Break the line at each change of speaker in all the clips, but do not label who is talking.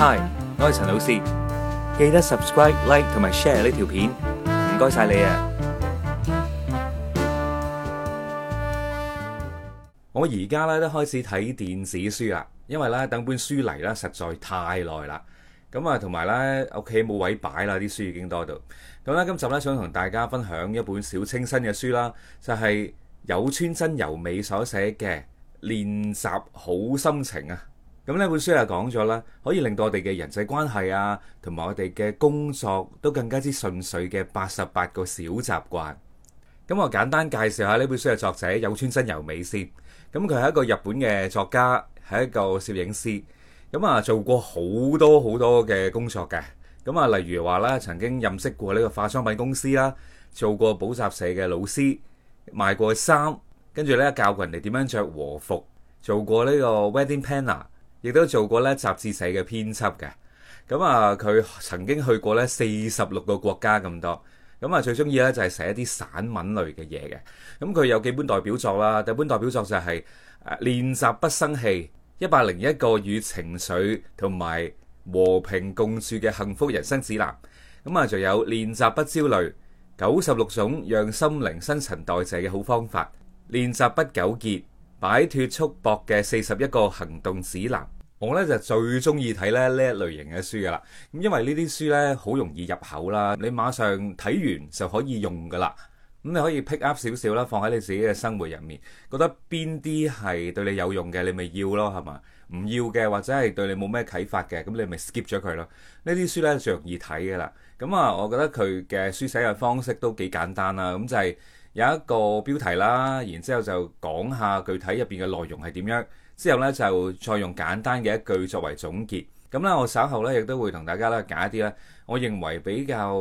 Hi，我係陳老 C，記得 subscribe、like 同埋 share 呢條片，唔該晒你啊！我而家咧都開始睇電子書啦，因為咧等本書嚟咧實在太耐啦，咁啊同埋咧屋企冇位擺啦，啲書已經多到咁啦。今集咧想同大家分享一本小清新嘅書啦，就係有川真由美所寫嘅《練習好心情》啊。咁呢本書又講咗啦，可以令到我哋嘅人際關係啊，同埋我哋嘅工作都更加之順遂嘅八十八個小習慣。咁我簡單介紹下呢本書嘅作者有川真由美先。咁佢係一個日本嘅作家，係一個攝影師。咁啊，做過好多好多嘅工作嘅。咁啊，例如話咧，曾經任職過呢個化妝品公司啦，做過補習社嘅老師，賣過衫，跟住咧教過人哋點樣着和服，做過呢個 wedding planner。亦都做過咧雜誌社嘅編輯嘅，咁啊佢曾經去過咧四十六個國家咁多，咁啊最中意咧就係寫一啲散文類嘅嘢嘅，咁佢有幾本代表作啦，第一本代表作就係《練習不生氣：一百零一個與情緒同埋和平共處嘅幸福人生指南》，咁啊仲有《練習不焦慮：九十六種讓心靈新陳代謝嘅好方法》，《練習不糾結：擺脫束縛嘅四十一個行動指南》。我咧就最中意睇咧呢一類型嘅書噶啦，咁因為呢啲書呢好容易入口啦，你馬上睇完就可以用噶啦。咁你可以 pick up 少少啦，放喺你自己嘅生活入面，覺得邊啲係對你有用嘅，你咪要咯，係嘛？唔要嘅或者係對你冇咩啟發嘅，咁你咪 skip 咗佢咯。呢啲書呢就容易睇噶啦。咁啊，我覺得佢嘅書寫嘅方式都幾簡單啦。咁就係有一個標題啦，然之後就講下具體入邊嘅內容係點樣。之後呢，就再用簡單嘅一句作為總結。咁啦，我稍後呢，亦都會同大家揀啲啦，我認為比較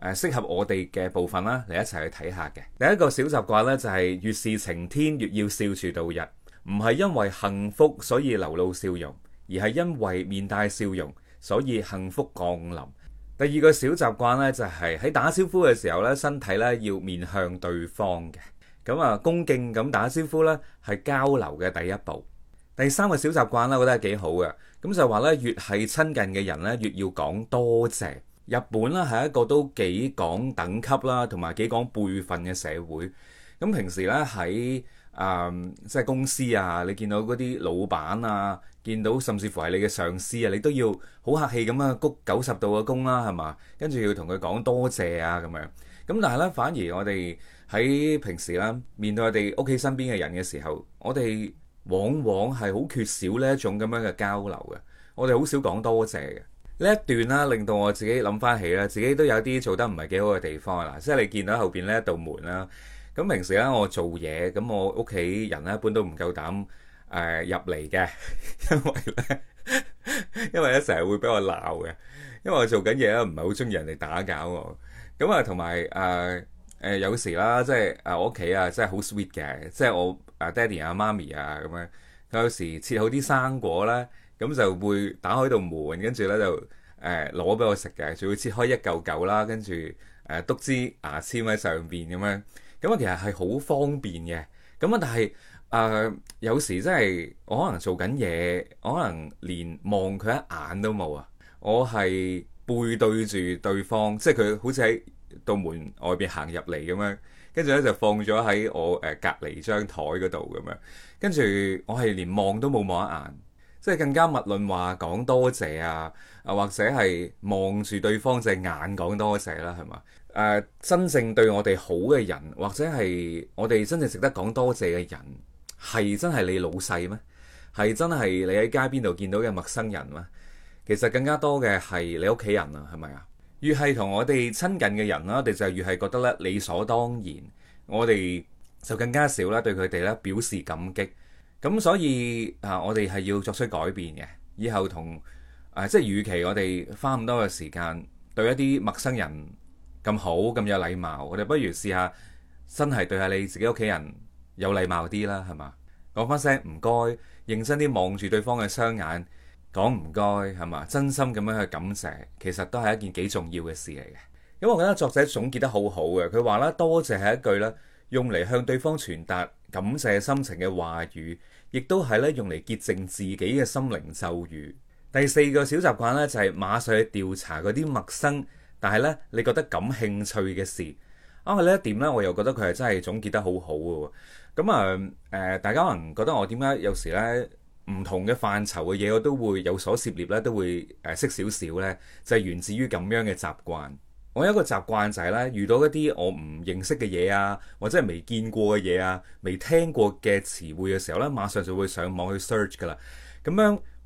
適合我哋嘅部分啦，嚟一齊去睇下嘅。第一個小習慣呢，就係，越是晴天，越要笑住度日。唔係因為幸福，所以流露笑容。而係因為面帶笑容，所以幸福降臨。第二個小習慣呢，就係，喺打招呼嘅時候呢，身體呢，要面向對方嘅。咁啦，恭敬咁打招呼呢，係交流嘅第一步。第三個小習慣啦，我覺得係幾好嘅。咁就話咧，越係親近嘅人咧，越要講多謝。日本咧係一個都幾講等級啦，同埋幾講輩分嘅社會。咁平時咧喺誒即係公司啊，你見到嗰啲老闆啊，見到甚至乎係你嘅上司啊，你都要好客氣咁啊鞠九十度嘅躬啦，係嘛？跟住要同佢講多謝啊咁樣。咁但係咧，反而我哋喺平時咧面對我哋屋企身邊嘅人嘅時候，我哋，往往係好缺少呢一種咁樣嘅交流嘅，我哋好少講多謝嘅。呢一段啦，令到我自己諗翻起啦，自己都有啲做得唔係幾好嘅地方啊！即係你見到後邊呢一道門啦，咁平時咧我做嘢，咁我屋企人咧一般都唔夠膽誒入嚟嘅，因為咧因為咧成日會俾我鬧嘅，因為我做緊嘢咧唔係好中意人哋打攪我。咁啊，同埋誒誒有時啦，即係誒我屋企啊，真係好 sweet 嘅，即係我。啊，爹哋啊，媽咪啊，咁樣佢有時切好啲生果咧，咁就會打開度門，跟住咧就誒攞俾我食嘅，仲要切開一嚿嚿啦，跟住誒篤支牙籤喺上邊咁樣，咁啊其實係好方便嘅，咁啊但係誒、呃、有時真係我可能做緊嘢，我可能連望佢一眼都冇啊，我係背對住對方，即係佢好似喺度門外邊行入嚟咁樣。跟住咧就放咗喺我誒、呃、隔離張台嗰度咁樣，跟住我係連望都冇望一眼，即係更加勿論話講多謝啊，啊或者係望住對方隻眼講多謝啦、啊，係嘛？誒、呃、真正對我哋好嘅人，或者係我哋真正值得講多謝嘅人，係真係你老細咩？係真係你喺街邊度見到嘅陌生人咩？其實更加多嘅係你屋企人啊，係咪啊？越係同我哋親近嘅人啦，我哋就越係覺得咧理所當然，我哋就更加少咧對佢哋咧表示感激。咁所以啊，我哋係要作出改變嘅，以後同誒、啊、即係，與其我哋花咁多嘅時間對一啲陌生人咁好咁有禮貌，我哋不如試下真係對下你自己屋企人有禮貌啲啦，係嘛？講翻聲唔該，認真啲望住對方嘅雙眼。講唔該，係嘛？真心咁樣去感謝，其實都係一件幾重要嘅事嚟嘅。因為我覺得作者總結得好好嘅，佢話咧，多謝係一句咧用嚟向對方傳達感謝心情嘅話語，亦都係咧用嚟潔淨自己嘅心靈咒語。第四個小習慣咧就係馬上去調查嗰啲陌生，但係咧你覺得感興趣嘅事。啊呢一點咧我又覺得佢係真係總結得好好嘅。咁啊誒、呃，大家可能覺得我點解有時咧？唔同嘅範疇嘅嘢，我都會有所涉獵咧，都會誒識少少咧，就係源自於咁樣嘅習慣。我有一個習慣就係咧，遇到一啲我唔認識嘅嘢啊，或者係未見過嘅嘢啊，未聽過嘅詞彙嘅時候咧，馬上就會上網去 search 噶啦。咁樣。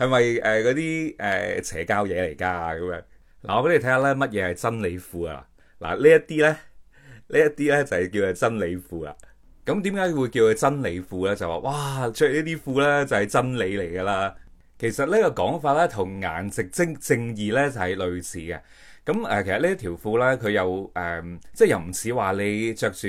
係咪誒嗰啲誒邪教嘢嚟噶咁樣？嗱、啊，我俾你睇下咧，乜嘢係真理褲啊？嗱，呢一啲咧，呢一啲咧就係叫做真理褲啦。咁點解會叫佢真理褲咧？就話哇，着呢啲褲咧就係真理嚟噶啦。其實呢個講法咧同顏值正正義咧就係類似嘅。咁誒、呃，其實條褲，呢條褲咧佢又，誒、呃，即係又唔似話你着住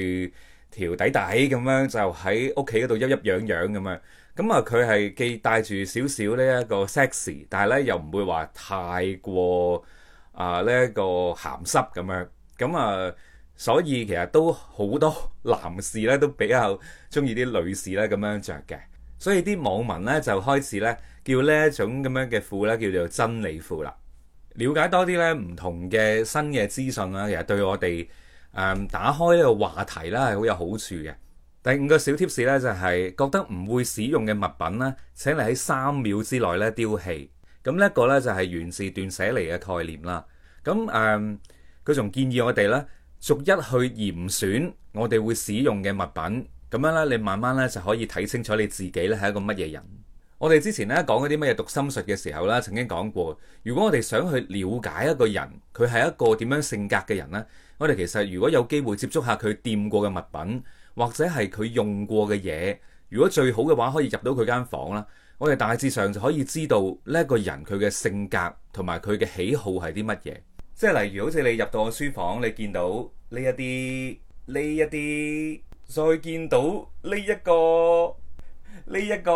條底底咁樣就喺屋企嗰度一一樣樣咁樣。咁啊，佢係既帶住少少呢一個 sexy，但係咧又唔會話太過啊呢一個鹹濕咁樣。咁啊，所以其實都好多男士咧都比較中意啲女士咧咁樣着嘅。所以啲網民咧就開始咧叫呢一種咁樣嘅褲咧叫做真理褲啦。了解多啲咧唔同嘅新嘅資訊啦，其實對我哋誒、嗯、打開呢個話題啦係好有好處嘅。第五個小貼士咧，就係覺得唔會使用嘅物品咧，請你喺三秒之內咧丟棄。咁呢一個咧就係源自斷捨離嚟嘅概念啦。咁、嗯、誒，佢仲建議我哋咧逐一去嚴選我哋會使用嘅物品。咁樣咧，你慢慢咧就可以睇清楚你自己咧係一個乜嘢人。我哋之前咧講嗰啲乜嘢讀心術嘅時候咧，曾經講過，如果我哋想去了解一個人，佢係一個點樣性格嘅人咧，我哋其實如果有機會接觸下佢掂過嘅物品。或者係佢用過嘅嘢，如果最好嘅話，可以入到佢間房啦。我哋大致上就可以知道呢一個人佢嘅性格同埋佢嘅喜好係啲乜嘢。即係例如，好似你入到我書房，你見到呢一啲呢一啲，再見到呢一個呢一個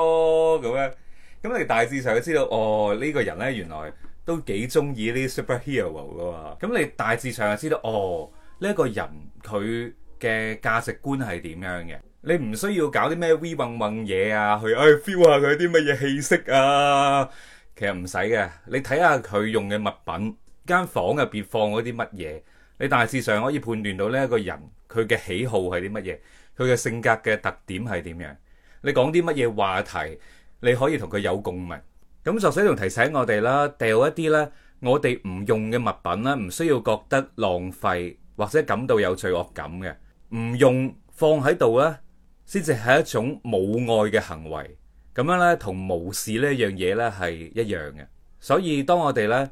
咁樣，咁你大致上就知道哦，呢個人呢原來都幾中意呢 superhero 嘅嘛。咁你大致上就知道哦，呢一個人佢嘅價值觀係點樣嘅？你唔需要搞啲咩 We 揾揾嘢啊，去唉 feel 下佢啲乜嘢氣息啊。其實唔使嘅，你睇下佢用嘅物品，間房入邊放嗰啲乜嘢，你大致上可以判斷到呢一個人佢嘅喜好係啲乜嘢，佢嘅性格嘅特點係點樣。你講啲乜嘢話題，你可以同佢有共鳴。咁作者仲提醒我哋啦，掉一啲呢，我哋唔用嘅物品啦，唔需要覺得浪費或者感到有罪惡感嘅。唔用放喺度咧，先至係一種冇愛嘅行為。咁樣咧，同無視呢樣嘢咧係一樣嘅。所以當我哋咧，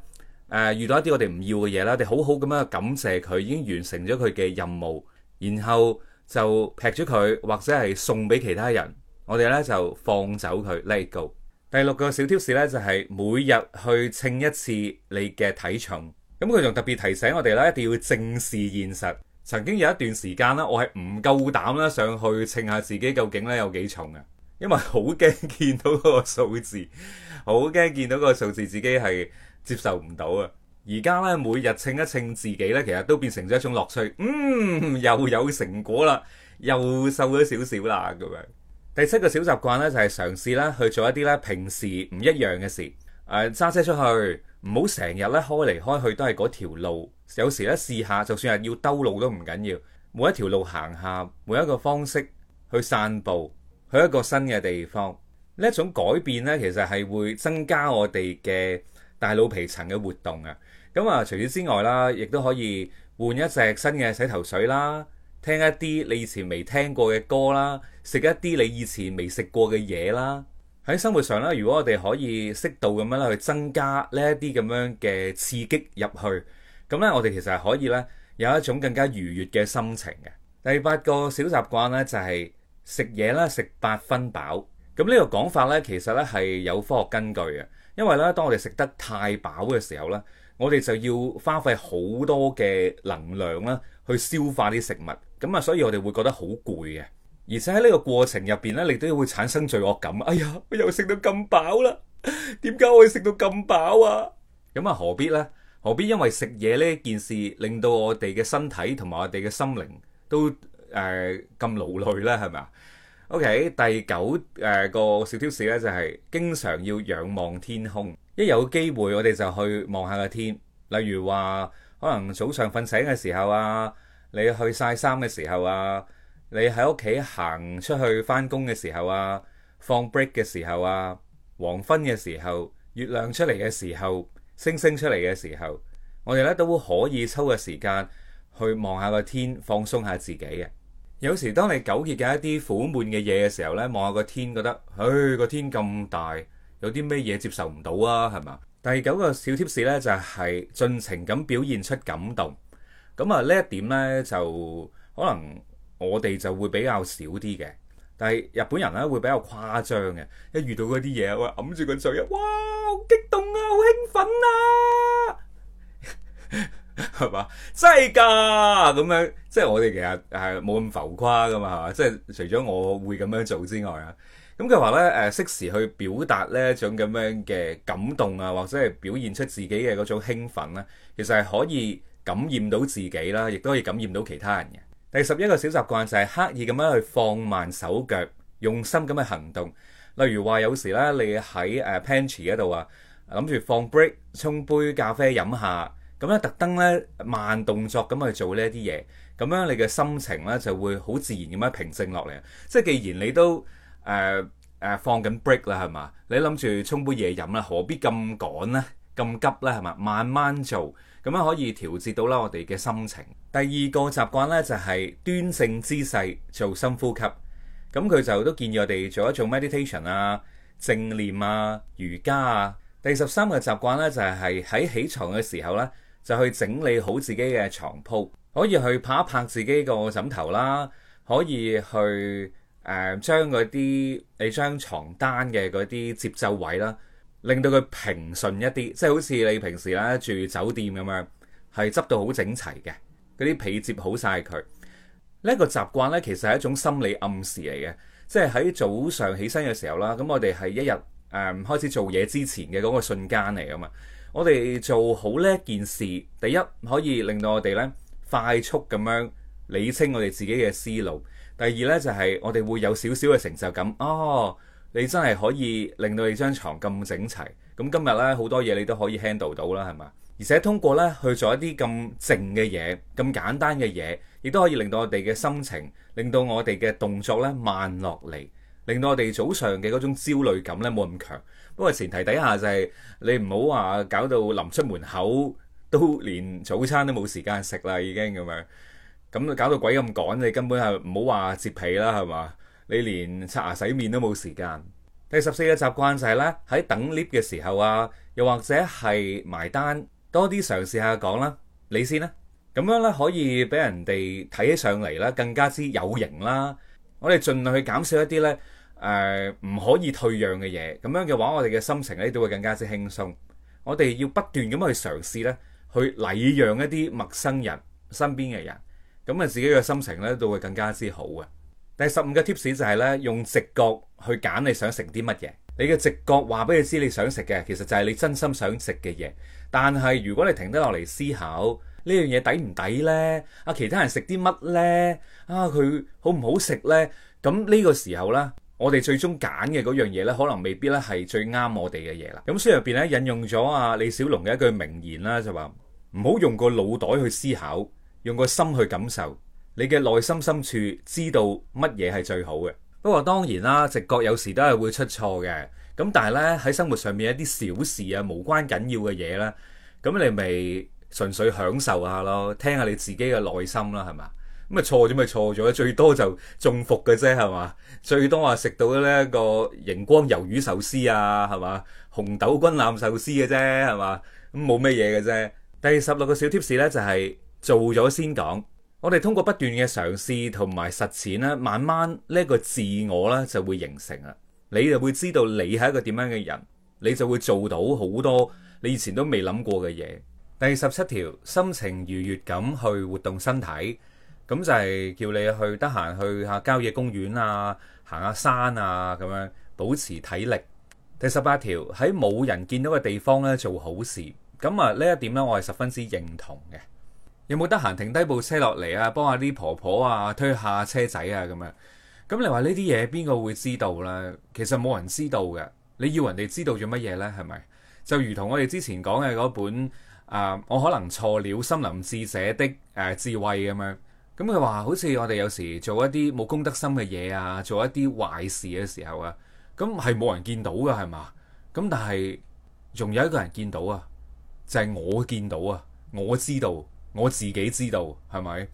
誒遇到一啲我哋唔要嘅嘢咧，我哋好好咁樣感謝佢已經完成咗佢嘅任務，然後就撇咗佢，或者係送俾其他人，我哋咧就放走佢。Let it go。第六個小 tips 咧就係每日去稱一次你嘅體重。咁佢仲特別提醒我哋咧，一定要正視現實。曾經有一段時間啦，我係唔夠膽啦上去稱下自己究竟咧有幾重啊，因為好驚見到個數字，好驚見到個數字自己係接受唔到啊。而家咧每日稱一稱自己咧，其實都變成咗一種樂趣。嗯，又有成果啦，又瘦咗少少啦咁樣。第七個小習慣咧就係嘗試啦去做一啲咧平時唔一樣嘅事。誒、呃，揸車出去。唔好成日咧開嚟開去都係嗰條路，有時咧試下，就算係要兜路都唔緊要。每一條路行下，每一個方式去散步，去一個新嘅地方，呢一種改變咧，其實係會增加我哋嘅大腦皮層嘅活動啊。咁啊，除此之外啦，亦都可以換一隻新嘅洗頭水啦，聽一啲你以前未聽過嘅歌啦，食一啲你以前未食過嘅嘢啦。喺生活上咧，如果我哋可以適度咁樣咧去增加呢一啲咁樣嘅刺激入去，咁咧我哋其實係可以咧有一種更加愉悅嘅心情嘅。第八個小習慣咧，就係食嘢咧食八分飽。咁呢個講法咧，其實咧係有科學根據嘅，因為咧當我哋食得太飽嘅時候咧，我哋就要花費好多嘅能量啦去消化啲食物，咁啊所以我哋會覺得好攰嘅。而且喺呢個過程入邊呢，你都會產生罪惡感。哎呀，我又食到咁飽啦，點解我可以食到咁飽啊？咁啊，何必呢？何必因為食嘢呢件事令到我哋嘅身體同埋我哋嘅心靈都誒咁勞累呢？係咪啊？OK，第九誒個小 tips 呢，就係經常要仰望天空，一有機會我哋就去望下個天。例如話，可能早上瞓醒嘅時候啊，你去晒衫嘅時候啊。你喺屋企行出去返工嘅時候啊，放 break 嘅時候啊，黃昏嘅時候，月亮出嚟嘅時候，星星出嚟嘅時候，我哋咧都可以抽個時間去望下個天，放鬆下自己嘅。有時當你糾結緊一啲苦悶嘅嘢嘅時候咧，望下個天，覺得唉，個天咁大，有啲咩嘢接受唔到啊？係嘛？第九個小 tips 咧就係盡情咁表現出感動。咁啊，呢一點咧就可能。我哋就會比較少啲嘅，但係日本人咧會比較誇張嘅。一遇到嗰啲嘢，我揞住個嘴，哇！好激動啊，好興奮啊，係 嘛？真係㗎！咁樣即係我哋其實係冇咁浮誇噶嘛，係嘛？即係除咗我會咁樣做之外啊，咁佢話咧誒，適時去表達呢一種咁樣嘅感動啊，或者係表現出自己嘅嗰種興奮咧，其實係可以感染到自己啦，亦都可以感染到其他人嘅。第十一個小習慣就係刻意咁樣去放慢手腳，用心咁去行動。例如話，有時咧你喺誒、uh, Pantry 嗰度啊，諗住放 break 沖杯咖啡飲下，咁樣，特登咧慢動作咁去做呢一啲嘢，咁樣你嘅心情咧就會好自然咁樣平靜落嚟。即係既然你都誒誒、呃啊、放緊 break 啦，係嘛？你諗住沖杯嘢飲啦，何必咁趕咧、咁急咧係咪？慢慢做。咁樣可以調節到啦我哋嘅心情。第二個習慣呢，就係端正姿勢做深呼吸。咁佢就都建議我哋做一做 meditation 啊、正念啊、瑜伽啊。第十三個習慣呢，就係喺起床嘅時候呢，就去整理好自己嘅床鋪，可以去拍一拍自己個枕頭啦，可以去誒、呃、將嗰啲你張床單嘅嗰啲摺皺位啦，令到佢平順一啲，即係好似你平時咧住酒店咁樣，係執到好整齊嘅，嗰啲被摺好晒佢。呢、這、一個習慣咧，其實係一種心理暗示嚟嘅，即係喺早上起身嘅時候啦。咁我哋係一日誒、呃、開始做嘢之前嘅嗰個瞬間嚟啊嘛。我哋做好呢件事，第一可以令到我哋咧快速咁樣理清我哋自己嘅思路，第二呢，就係、是、我哋會有少少嘅成就感。哦。你真係可以令到你張床咁整齊，咁今日呢，好多嘢你都可以 handle 到啦，係嘛？而且通過呢去做一啲咁靜嘅嘢、咁簡單嘅嘢，亦都可以令到我哋嘅心情、令到我哋嘅動作呢慢落嚟，令到我哋早上嘅嗰種焦慮感呢冇咁強。不過前提底下就係，你唔好話搞到臨出門口都連早餐都冇時間食啦，已經咁樣，咁就搞到鬼咁趕，你根本係唔好話摺被啦，係嘛？你連刷牙洗面都冇時間。第十四個習慣就係咧，喺等 lift 嘅時候啊，又或者係埋單，多啲嘗試下講啦，你先啦。咁樣咧，可以俾人哋睇起上嚟咧更加之有型啦。我哋盡量去減少一啲咧誒唔可以退讓嘅嘢，咁樣嘅話，我哋嘅心情咧都會更加之輕鬆。我哋要不斷咁去嘗試咧，去禮讓一啲陌生人身邊嘅人，咁啊自己嘅心情咧都會更加之好嘅。第十五個 tips 就係咧，用直覺去揀你想食啲乜嘢。你嘅直覺話俾你知你想食嘅，其實就係你真心想食嘅嘢。但係如果你停得落嚟思考，呢樣嘢抵唔抵呢？啊，其他人食啲乜呢？啊，佢好唔好食呢？咁呢個時候呢，我哋最終揀嘅嗰樣嘢呢，可能未必咧係最啱我哋嘅嘢啦。咁書入邊咧引用咗阿李小龍嘅一句名言啦，就話唔好用個腦袋去思考，用個心去感受。你嘅內心深處知道乜嘢係最好嘅，不過當然啦，直覺有時都係會出錯嘅。咁但係呢，喺生活上面一啲小事啊，無關緊要嘅嘢呢，咁你咪純粹享受下咯，聽下你自己嘅內心啦，係嘛，咁啊，錯咗咪錯咗，最多就中伏嘅啫，係嘛，最多啊食到呢個熒光魷魚壽司啊，係嘛，紅豆軍艦壽司嘅、啊、啫，係嘛，咁冇乜嘢嘅啫。第十六個小 tips 呢就係、是、做咗先講。我哋通過不斷嘅嘗試同埋實踐咧，慢慢呢個自我咧就會形成啦。你就會知道你係一個點樣嘅人，你就會做到好多你以前都未諗過嘅嘢。第十七條，心情愉悅咁去活動身體，咁就係叫你去得閒去下郊野公園啊，行下山啊，咁樣保持體力。第十八條，喺冇人見到嘅地方咧做好事，咁啊呢一點咧我係十分之認同嘅。有冇得閒停低部車落嚟啊，幫下啲婆婆啊，推下車仔啊，咁樣咁。你話呢啲嘢邊個會知道呢？其實冇人知道嘅。你要人哋知道咗乜嘢呢？係咪就如同我哋之前講嘅嗰本啊？我可能錯了。森林智者的誒、啊、智慧，咁樣咁。佢話好似我哋有時做一啲冇公德心嘅嘢啊，做一啲壞事嘅時候啊，咁係冇人見到噶係嘛？咁但係仲有一個人見到啊，就係、是、我見到啊，我知道。我自己知道係咪？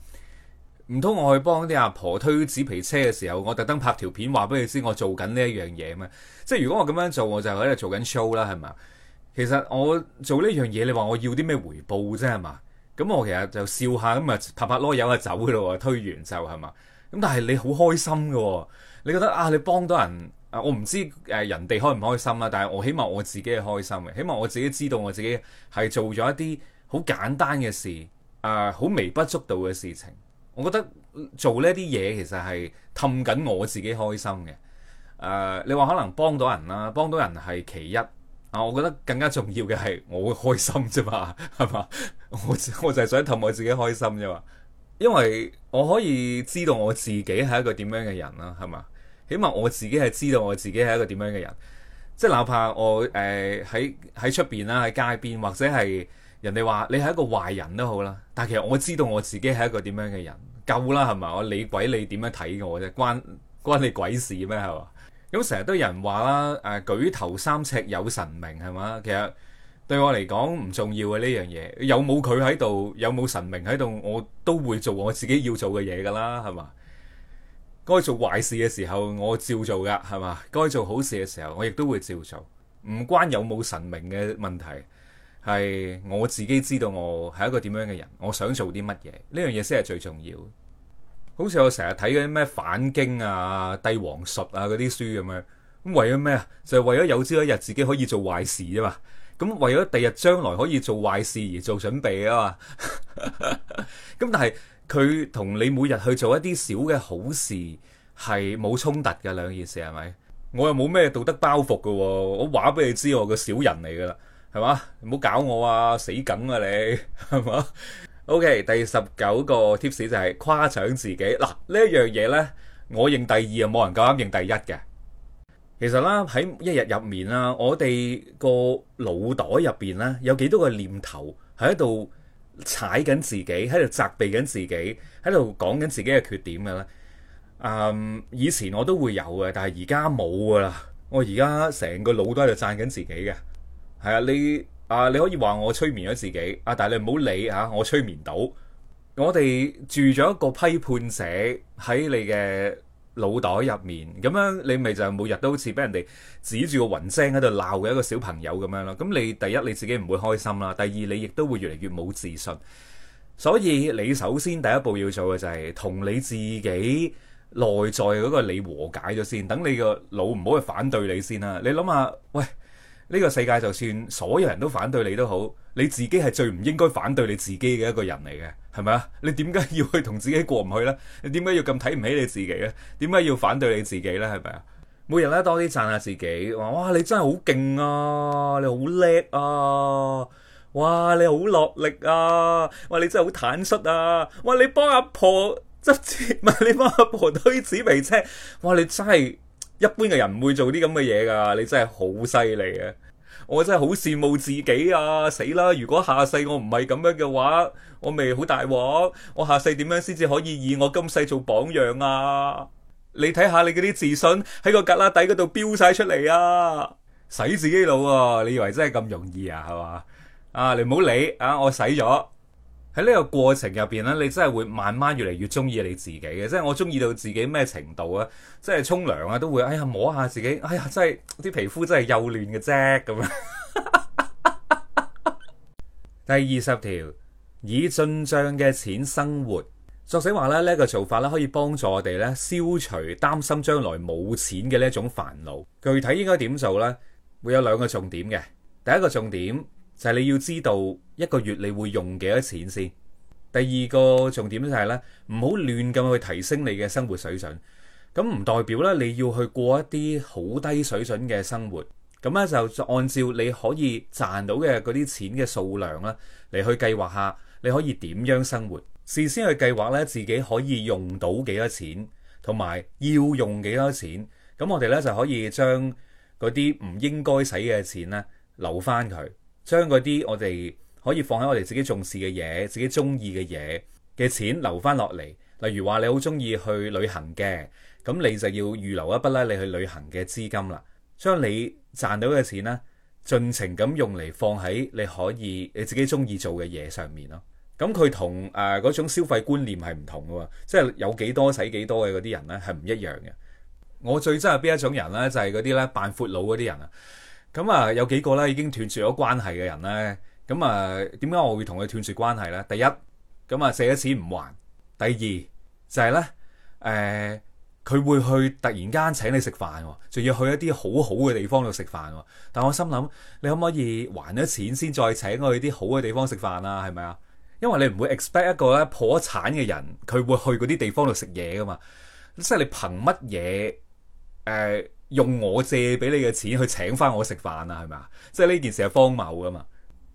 唔通我去幫啲阿婆推紙皮車嘅時候，我特登拍條片話俾你知我做緊呢一樣嘢咩？即係如果我咁樣做，我就喺度做緊 show 啦，係嘛？其實我做呢樣嘢，你話我要啲咩回報啫？係嘛？咁我其實就笑下，咁啊拍拍籮柚就走噶咯，推完就，係嘛。咁但係你好開心噶、哦，你覺得啊，你幫到人，我唔知誒、啊、人哋開唔開心啦，但係我希望我自己係開心嘅，起碼我自己知道我自己係做咗一啲好簡單嘅事。誒，好、uh, 微不足道嘅事情，我覺得做呢啲嘢其實係氹緊我自己開心嘅。誒、uh,，你話可能幫到人啦，幫到人係其一。啊、uh,，我覺得更加重要嘅係我會開心啫嘛，係嘛？我我就係想氹我自己開心啫嘛，因為我可以知道我自己係一個點樣嘅人啦，係嘛？起碼我自己係知道我自己係一個點樣嘅人，即係哪怕我誒喺喺出邊啦，喺、呃、街邊或者係。人哋話你係一個壞人都好啦，但其實我知道我自己係一個點樣嘅人，夠啦係嘛？我理鬼你點樣睇我啫，關關你鬼事咩係嘛？咁成日都有人話啦，誒、啊、舉頭三尺有神明係嘛？其實對我嚟講唔重要嘅呢樣嘢，有冇佢喺度，有冇神明喺度，我都會做我自己要做嘅嘢噶啦，係嘛？該做壞事嘅時候我照做噶，係嘛？該做好事嘅時候我亦都會照做，唔關有冇神明嘅問題。係我自己知道，我係一個點樣嘅人，我想做啲乜嘢呢樣嘢先係最重要。好似我成日睇嗰啲咩反經啊、帝王術啊嗰啲書咁樣，咁為咗咩啊？就係、是、為咗有朝一日自己可以做壞事啊嘛。咁為咗第日將來可以做壞事而做準備啊嘛。咁 但係佢同你每日去做一啲小嘅好事係冇衝突嘅兩件事係咪？我又冇咩道德包袱嘅，我話俾你知我個小人嚟噶啦。係嘛？唔好搞我啊！死梗啊你，係嘛？OK，第十九個 tips 就係誇獎自己。嗱，呢一樣嘢呢，我認第二啊，冇人夠膽認第一嘅。其實啦，喺一日入面啦，我哋個腦袋入邊呢，有幾多個念頭係喺度踩緊自己，喺度責備緊自己，喺度講緊自己嘅缺點嘅呢？嗯，以前我都會有嘅，但係而家冇噶啦。我而家成個腦袋喺度讚緊自己嘅。係啊，你啊，你可以話我催眠咗自己，啊，但係你唔好理吓，啊，我催眠到，我哋住咗一個批判者喺你嘅腦袋入面，咁樣你咪就每日都好似俾人哋指住個雲聲喺度鬧嘅一個小朋友咁樣咯。咁你第一你自己唔會開心啦，第二你亦都會越嚟越冇自信。所以你首先第一步要做嘅就係同你自己內在嗰個你和解咗先，等你個腦唔好去反對你先啦。你諗下，喂。呢個世界就算所有人都反對你都好，你自己係最唔應該反對你自己嘅一個人嚟嘅，係咪啊？你點解要去同自己過唔去呢？你點解要咁睇唔起你自己呢？點解要反對你自己呢？係咪啊？每日咧多啲讚下自己，話哇你真係好勁啊，你好叻啊，哇你好落力啊，哇你真係好坦率啊，哇你幫阿婆執紙，唔係你幫阿婆推紙皮車，哇你真係～一般嘅人唔會做啲咁嘅嘢噶，你真係好犀利啊！我真係好羨慕自己啊！死啦！如果下世我唔係咁樣嘅話，我咪好大鑊！我下世點樣先至可以以我今世做榜樣啊？你睇下你嗰啲自信喺個格拉底嗰度飆晒出嚟啊！洗自己腦啊！你以為真係咁容易啊？係嘛啊！你唔好理啊！我洗咗。喺呢個過程入邊呢，你真係會慢慢越嚟越中意你自己嘅。即係我中意到自己咩程度啊？即係沖涼啊，都會哎呀摸下自己，哎呀真係啲皮膚真係幼嫩嘅啫咁樣啊！ 第二十條，以進賬嘅錢生活，作者話咧，呢個做法咧，可以幫助我哋咧，消除擔心將來冇錢嘅呢一種煩惱。具體應該點做呢？會有兩個重點嘅。第一個重點。就係你要知道一個月你會用幾多錢先。第二個重點就係咧，唔好亂咁去提升你嘅生活水準。咁唔代表咧，你要去過一啲好低水準嘅生活。咁咧就按照你可以賺到嘅嗰啲錢嘅數量咧嚟去計劃下，你可以點樣生活。事先去計劃咧，自己可以用到幾多錢，同埋要用幾多錢。咁我哋咧就可以將嗰啲唔應該使嘅錢咧留翻佢。將嗰啲我哋可以放喺我哋自己重視嘅嘢、自己中意嘅嘢嘅錢留翻落嚟，例如話你好中意去旅行嘅，咁你就要預留一筆咧，你去旅行嘅資金啦。將你賺到嘅錢呢，盡情咁用嚟放喺你可以你自己中意做嘅嘢上面咯。咁佢同誒嗰種消費觀念係唔同㗎喎，即係有幾多使幾多嘅嗰啲人呢係唔一樣嘅。我最憎係邊一種人呢？就係嗰啲呢扮闊佬嗰啲人啊！咁啊、嗯，有幾個咧已經斷絕咗關係嘅人咧？咁、嗯、啊，點解我會同佢斷絕關係咧？第一，咁、嗯、啊借咗錢唔還；第二就係、是、咧，誒、呃、佢會去突然間請你食飯，仲要去一啲好好嘅地方度食飯。但我心諗，你可唔可以還咗錢先再請我去啲好嘅地方食飯啊？係咪啊？因為你唔會 expect 一個咧破產嘅人，佢會去嗰啲地方度食嘢噶嘛？即係你憑乜嘢誒？呃用我借俾你嘅錢去請翻我食飯啊，係咪啊？即係呢件事係荒謬噶嘛？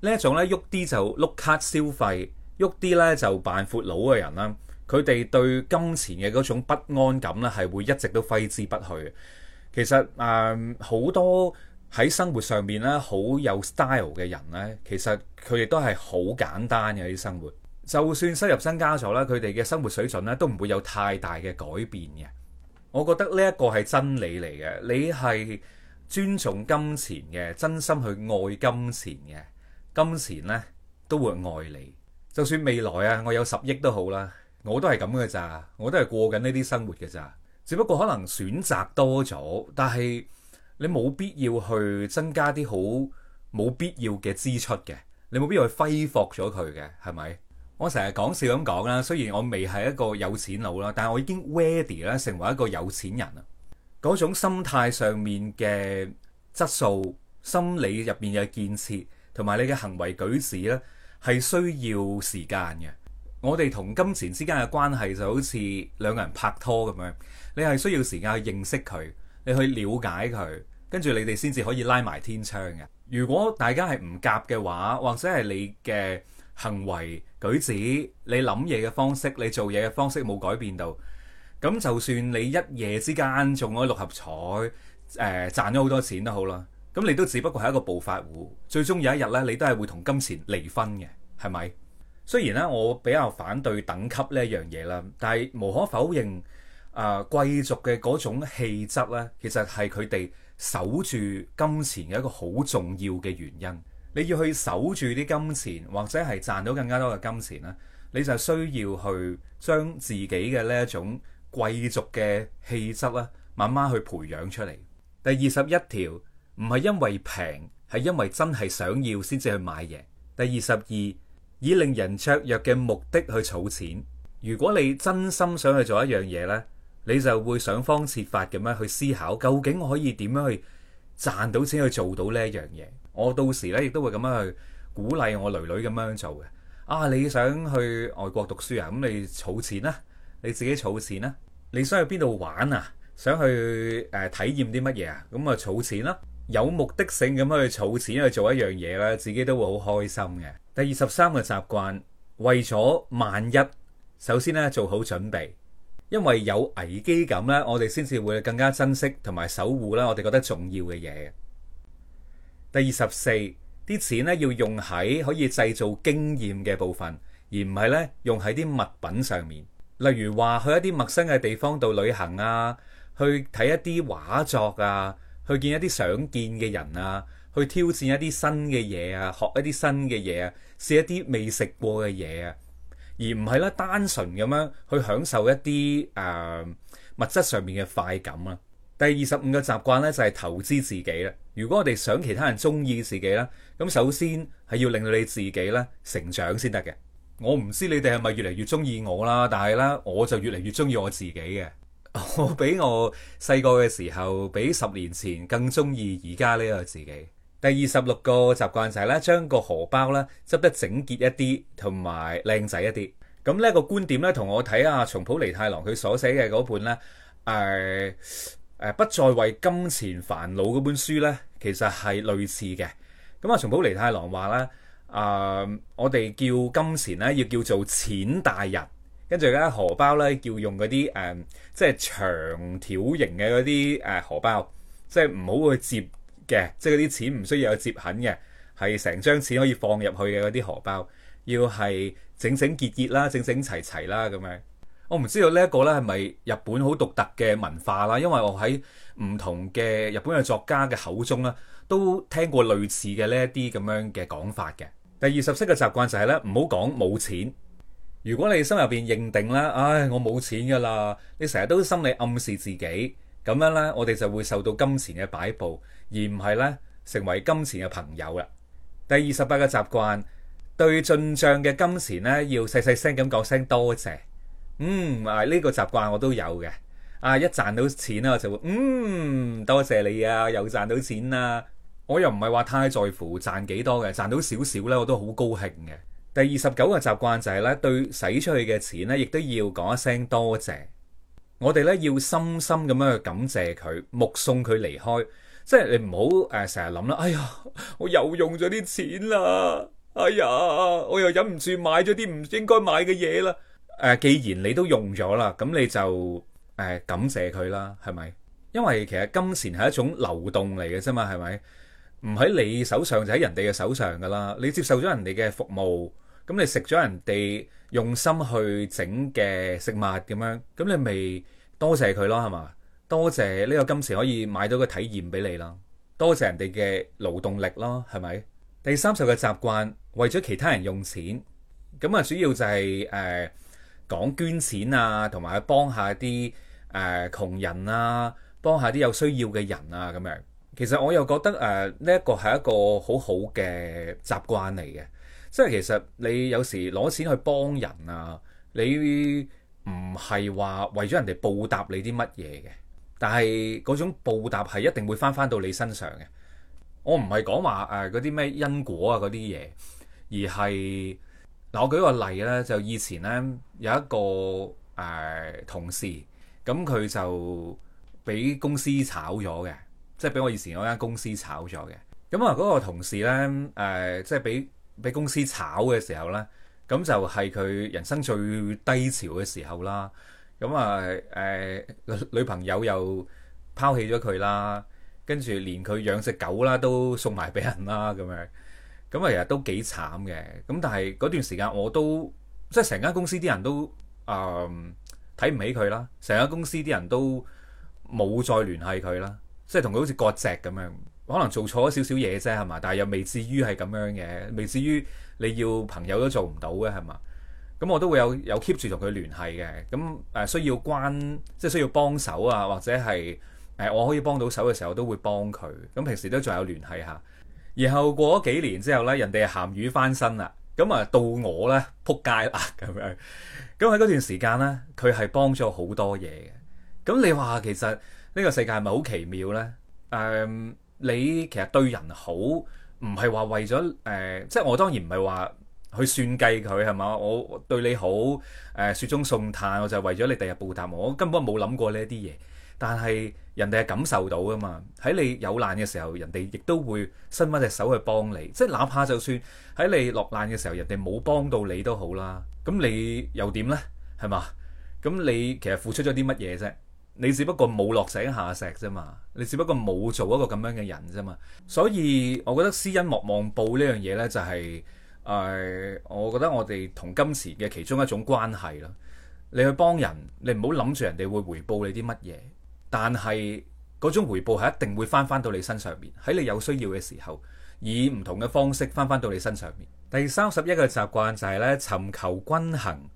呢一種咧喐啲就碌卡消費，喐啲咧就扮闊佬嘅人啦。佢哋對金錢嘅嗰種不安感咧，係會一直都揮之不去。其實誒，好多喺生活上面咧好有 style 嘅人咧，其實佢哋都係好簡單嘅啲生活。就算收入增加咗咧，佢哋嘅生活水準咧都唔會有太大嘅改變嘅。我覺得呢一個係真理嚟嘅，你係尊重金錢嘅，真心去愛金錢嘅，金錢呢都會愛你。就算未來啊，我有十億都好啦，我都係咁嘅咋，我都係過緊呢啲生活嘅咋。只不過可能選擇多咗，但係你冇必要去增加啲好冇必要嘅支出嘅，你冇必要去揮霍咗佢嘅，係咪？我成日講笑咁講啦，雖然我未係一個有錢佬啦，但係我已經 ready 啦，成為一個有錢人啊！嗰種心態上面嘅質素、心理入面嘅建設，同埋你嘅行為舉止呢，係需要時間嘅。我哋同金錢之間嘅關係就好似兩個人拍拖咁樣，你係需要時間去認識佢，你去了解佢，跟住你哋先至可以拉埋天窗嘅。如果大家係唔夾嘅話，或者係你嘅，行為舉止、你諗嘢嘅方式、你做嘢嘅方式冇改變到，咁就算你一夜之間中咗六合彩，誒、呃、賺咗好多錢都好啦，咁你都只不過係一個暴發戶，最終有一日呢，你都係會同金錢離婚嘅，係咪？雖然呢，我比較反對等級呢一樣嘢啦，但係無可否認，啊、呃、貴族嘅嗰種氣質呢，其實係佢哋守住金錢嘅一個好重要嘅原因。你要去守住啲金錢，或者係賺到更加多嘅金錢咧，你就需要去將自己嘅呢一種貴族嘅氣質咧，慢慢去培養出嚟。第二十一條唔係因為平，係因為真係想要先至去買嘢。第二十二，以令人雀躍嘅目的去儲錢。如果你真心想去做一樣嘢呢，你就會想方設法咁樣去思考，究竟我可以點樣去賺到錢去做到呢一樣嘢。我到時咧，亦都會咁樣去鼓勵我女女咁樣做嘅。啊，你想去外國讀書啊？咁你儲錢啦，你自己儲錢啦。你想去邊度玩啊？想去誒、呃、體驗啲乜嘢啊？咁啊儲錢啦，有目的性咁去儲錢去做一樣嘢咧，自己都會好開心嘅。第二十三個習慣，為咗萬一，首先咧做好準備，因為有危機感咧，我哋先至會更加珍惜同埋守護咧，我哋覺得重要嘅嘢。第二十四，啲錢咧要用喺可以製造經驗嘅部分，而唔係咧用喺啲物品上面，例如話去一啲陌生嘅地方度旅行啊，去睇一啲畫作啊，去見一啲想見嘅人啊，去挑戰一啲新嘅嘢啊，學一啲新嘅嘢啊，試一啲未食過嘅嘢啊，而唔係咧單純咁樣去享受一啲誒、呃、物質上面嘅快感啊。第二十五個習慣咧就係投資自己啦。如果我哋想其他人中意自己啦，咁首先係要令到你自己咧成長先得嘅。我唔知你哋係咪越嚟越中意我啦，但係咧我就越嚟越中意我自己嘅。 我比我細個嘅時候比十年前更中意而家呢個自己。第二十六個習慣就係咧將個荷包咧執得整潔一啲，同埋靚仔一啲。咁、這、呢個觀點咧同我睇阿松浦彌太郎佢所寫嘅嗰本咧誒。哎誒不再為金錢煩惱嗰本書呢，其實係類似嘅。咁啊，松浦尼太郎話咧，啊，我哋叫金錢呢，要叫做錢大人，跟住呢，荷包呢，要用嗰啲誒，即係長條形嘅嗰啲誒荷包，即係唔好去摺嘅，即係嗰啲錢唔需要有摺痕嘅，係成張錢可以放入去嘅嗰啲荷包，要係整整潔潔啦，整整齊齊啦咁樣。我唔知道呢一個咧係咪日本好獨特嘅文化啦，因為我喺唔同嘅日本嘅作家嘅口中咧，都聽過類似嘅呢一啲咁樣嘅講法嘅。第二十七個習慣就係咧，唔好講冇錢。如果你心入邊認定啦，唉，我冇錢㗎啦，你成日都心理暗示自己咁樣呢，我哋就會受到金錢嘅擺布，而唔係咧成為金錢嘅朋友啦。第二十八個習慣，對進帳嘅金錢呢，要細細聲咁講聲多謝。嗯，啊呢個習慣我都有嘅。啊，一賺到錢啦，我就會嗯，多謝你啊，又賺到錢啦。我又唔係話太在乎賺幾多嘅，賺到少少咧，我都好高興嘅。第二十九個習慣就係咧，對使出去嘅錢咧，亦都要講一聲多謝。我哋咧要深深咁樣去感謝佢，目送佢離開。即係你唔好誒，成日諗啦，哎呀，我又用咗啲錢啦，哎呀，我又忍唔住買咗啲唔應該買嘅嘢啦。誒，既然你都用咗啦，咁你就誒、呃、感謝佢啦，係咪？因為其實金錢係一種流動嚟嘅啫嘛，係咪？唔喺你手上就喺人哋嘅手上噶啦。你接受咗人哋嘅服務，咁你食咗人哋用心去整嘅食物咁樣，咁你咪多謝佢咯，係嘛？多謝呢個金錢可以買到個體驗俾你啦，多謝人哋嘅勞動力咯，係咪？第三十嘅習慣，為咗其他人用錢，咁啊，主要就係、是、誒。呃講捐錢啊，同埋去幫下啲誒、呃、窮人啊，幫下啲有需要嘅人啊咁樣。其實我又覺得誒呢、呃、一個係一個好好嘅習慣嚟嘅。即、就、係、是、其實你有時攞錢去幫人啊，你唔係話為咗人哋報答你啲乜嘢嘅，但係嗰種報答係一定會返返到你身上嘅。我唔係講話誒嗰啲咩因果啊嗰啲嘢，而係。我舉個例咧，就以前咧有一個誒、呃、同事，咁、嗯、佢就俾公司炒咗嘅，即係俾我以前嗰間公司炒咗嘅。咁啊嗰個同事咧誒、呃，即係俾俾公司炒嘅時候咧，咁、嗯、就係、是、佢人生最低潮嘅時候啦。咁啊誒，女朋友又拋棄咗佢啦，跟住連佢養隻狗啦都送埋俾人啦，咁樣。咁啊，日日都幾慘嘅。咁但係嗰段時間，我都即係成間公司啲人都誒睇唔起佢啦。成間公司啲人都冇再聯繫佢啦。即係同佢好似割席咁樣。可能做錯咗少少嘢啫，係嘛？但係又未至於係咁樣嘅，未至於你要朋友都做唔到嘅，係嘛？咁我都會有有 keep 住同佢聯繫嘅。咁誒需要關即係需要幫手啊，或者係誒我可以幫到手嘅時候，我都會幫佢。咁平時都仲有聯繫下。然後過咗幾年之後咧，人哋鹹魚翻身啦，咁啊到我咧扑街啦咁樣。咁喺嗰段時間呢，佢係幫咗好多嘢嘅。咁你話其實呢個世界係咪好奇妙呢？誒、呃，你其實對人好，唔係話為咗誒、呃，即係我當然唔係話去算計佢係嘛。我對你好，誒、呃、雪中送炭，我就係為咗你第日報答我。我根本冇諗過呢啲嘢。但係人哋係感受到㗎嘛？喺你有難嘅時候，人哋亦都會伸返隻手去幫你。即係哪怕就算喺你落難嘅時候，人哋冇幫到你都好啦。咁你又點呢？係嘛？咁你其實付出咗啲乜嘢啫？你只不過冇落井下石啫嘛。你只不過冇做一個咁樣嘅人啫嘛。所以，我覺得施恩莫望報呢樣嘢呢，就係、是、誒、呃，我覺得我哋同金錢嘅其中一種關係啦。你去幫人，你唔好諗住人哋會回報你啲乜嘢。但係嗰種回報係一定會返返到你身上面，喺你有需要嘅時候，以唔同嘅方式返返到你身上面。第三十一個習慣就係咧，尋求均衡，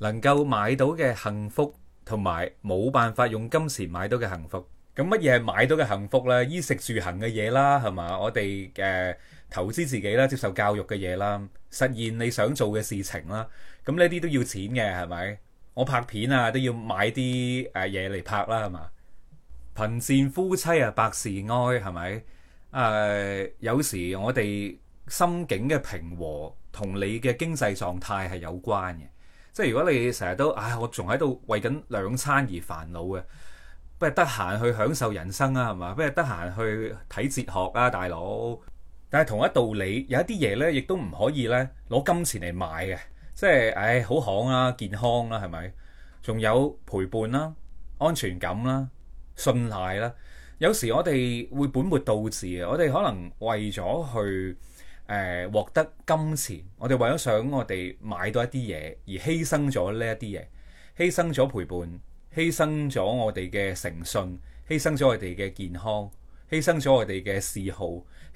能夠買到嘅幸福同埋冇辦法用金錢買到嘅幸福。咁乜嘢係買到嘅幸福呢？衣食住行嘅嘢啦，係嘛？我哋誒、呃、投資自己啦，接受教育嘅嘢啦，實現你想做嘅事情啦。咁呢啲都要錢嘅，係咪？我拍片啊都要買啲誒嘢嚟拍啦，係嘛？貧賤夫妻啊，百事哀，係咪？誒、呃，有時我哋心境嘅平和同你嘅經濟狀態係有關嘅。即係如果你成日都，唉、哎，我仲喺度為緊兩餐而煩惱嘅，不如得閒去享受人生啊，係嘛？不如得閒去睇哲學啊，大佬。但係同一道理，有一啲嘢呢亦都唔可以呢攞金錢嚟買嘅。即係，唉、哎，好行啦，啊，健康啦，啊，係咪？仲有陪伴啦，安全感啦，啊。信賴啦，有時我哋會本末倒置啊！我哋可能為咗去誒、呃、獲得金錢，我哋為咗想我哋買到一啲嘢而犧牲咗呢一啲嘢，犧牲咗陪伴，犧牲咗我哋嘅誠信，犧牲咗我哋嘅健康，犧牲咗我哋嘅嗜好，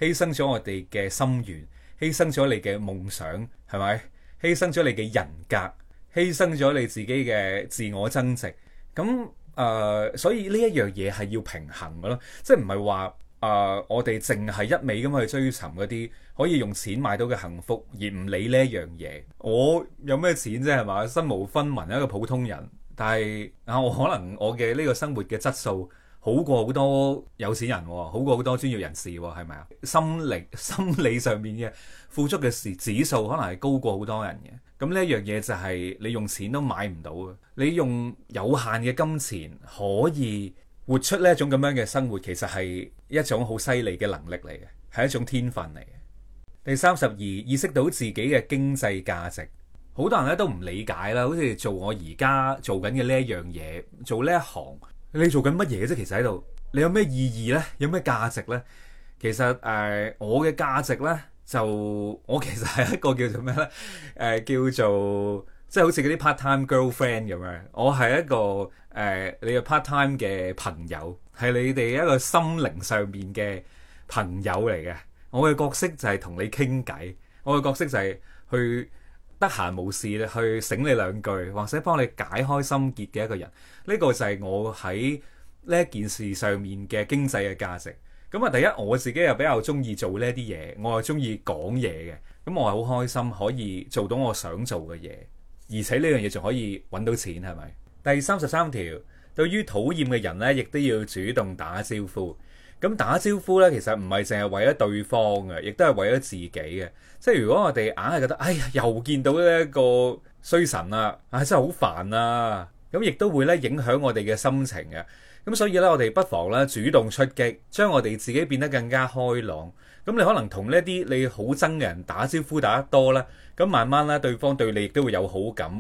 犧牲咗我哋嘅心願，犧牲咗你嘅夢想，係咪？犧牲咗你嘅人格，犧牲咗你自己嘅自我增值，咁。誒，uh, 所以呢一樣嘢係要平衡嘅咯，即係唔係話誒，uh, 我哋淨係一味咁去追尋嗰啲可以用錢買到嘅幸福，而唔理呢一樣嘢。我有咩錢啫係嘛？身無分文一個普通人，但係啊，我可能我嘅呢個生活嘅質素好過好多有錢人，好過好多專業人士，係咪啊？心力心理上面嘅付出嘅時指數，可能係高過好多人嘅。咁呢一樣嘢就係你用錢都買唔到嘅，你用有限嘅金錢可以活出呢一種咁樣嘅生活，其實係一種好犀利嘅能力嚟嘅，係一種天分嚟嘅。第三十二，意識到自己嘅經濟價值，好多人咧都唔理解啦，好似做我而家做緊嘅呢一樣嘢，做呢一行，你做緊乜嘢啫？其實喺度，你有咩意義呢？有咩價值呢？其實誒、呃，我嘅價值呢。就我其實係一個叫做咩呢？誒、呃、叫做即係好似嗰啲 part time girlfriend 咁樣，我係一個誒、呃、你嘅 part time 嘅朋友，係你哋一個心靈上面嘅朋友嚟嘅。我嘅角色就係同你傾偈，我嘅角色就係去得閒無事去醒你兩句，或者幫你解開心結嘅一個人。呢、這個就係我喺呢件事上面嘅經濟嘅價值。咁啊，第一我自己又比較中意做呢啲嘢，我又中意講嘢嘅，咁我係好開心可以做到我想做嘅嘢，而且呢樣嘢仲可以揾到錢，係咪？第三十三條，對於討厭嘅人呢，亦都要主動打招呼。咁打招呼呢，其實唔係淨係為咗對方嘅，亦都係為咗自己嘅。即係如果我哋硬係覺得，哎呀，又見到呢一個衰神啦，啊，啊，真係好煩啊，咁亦都會呢影響我哋嘅心情嘅。咁所以咧，我哋不妨咧主動出擊，將我哋自己變得更加開朗。咁你可能同呢啲你好憎嘅人打招呼打得多咧，咁慢慢咧對方對你亦都會有好感。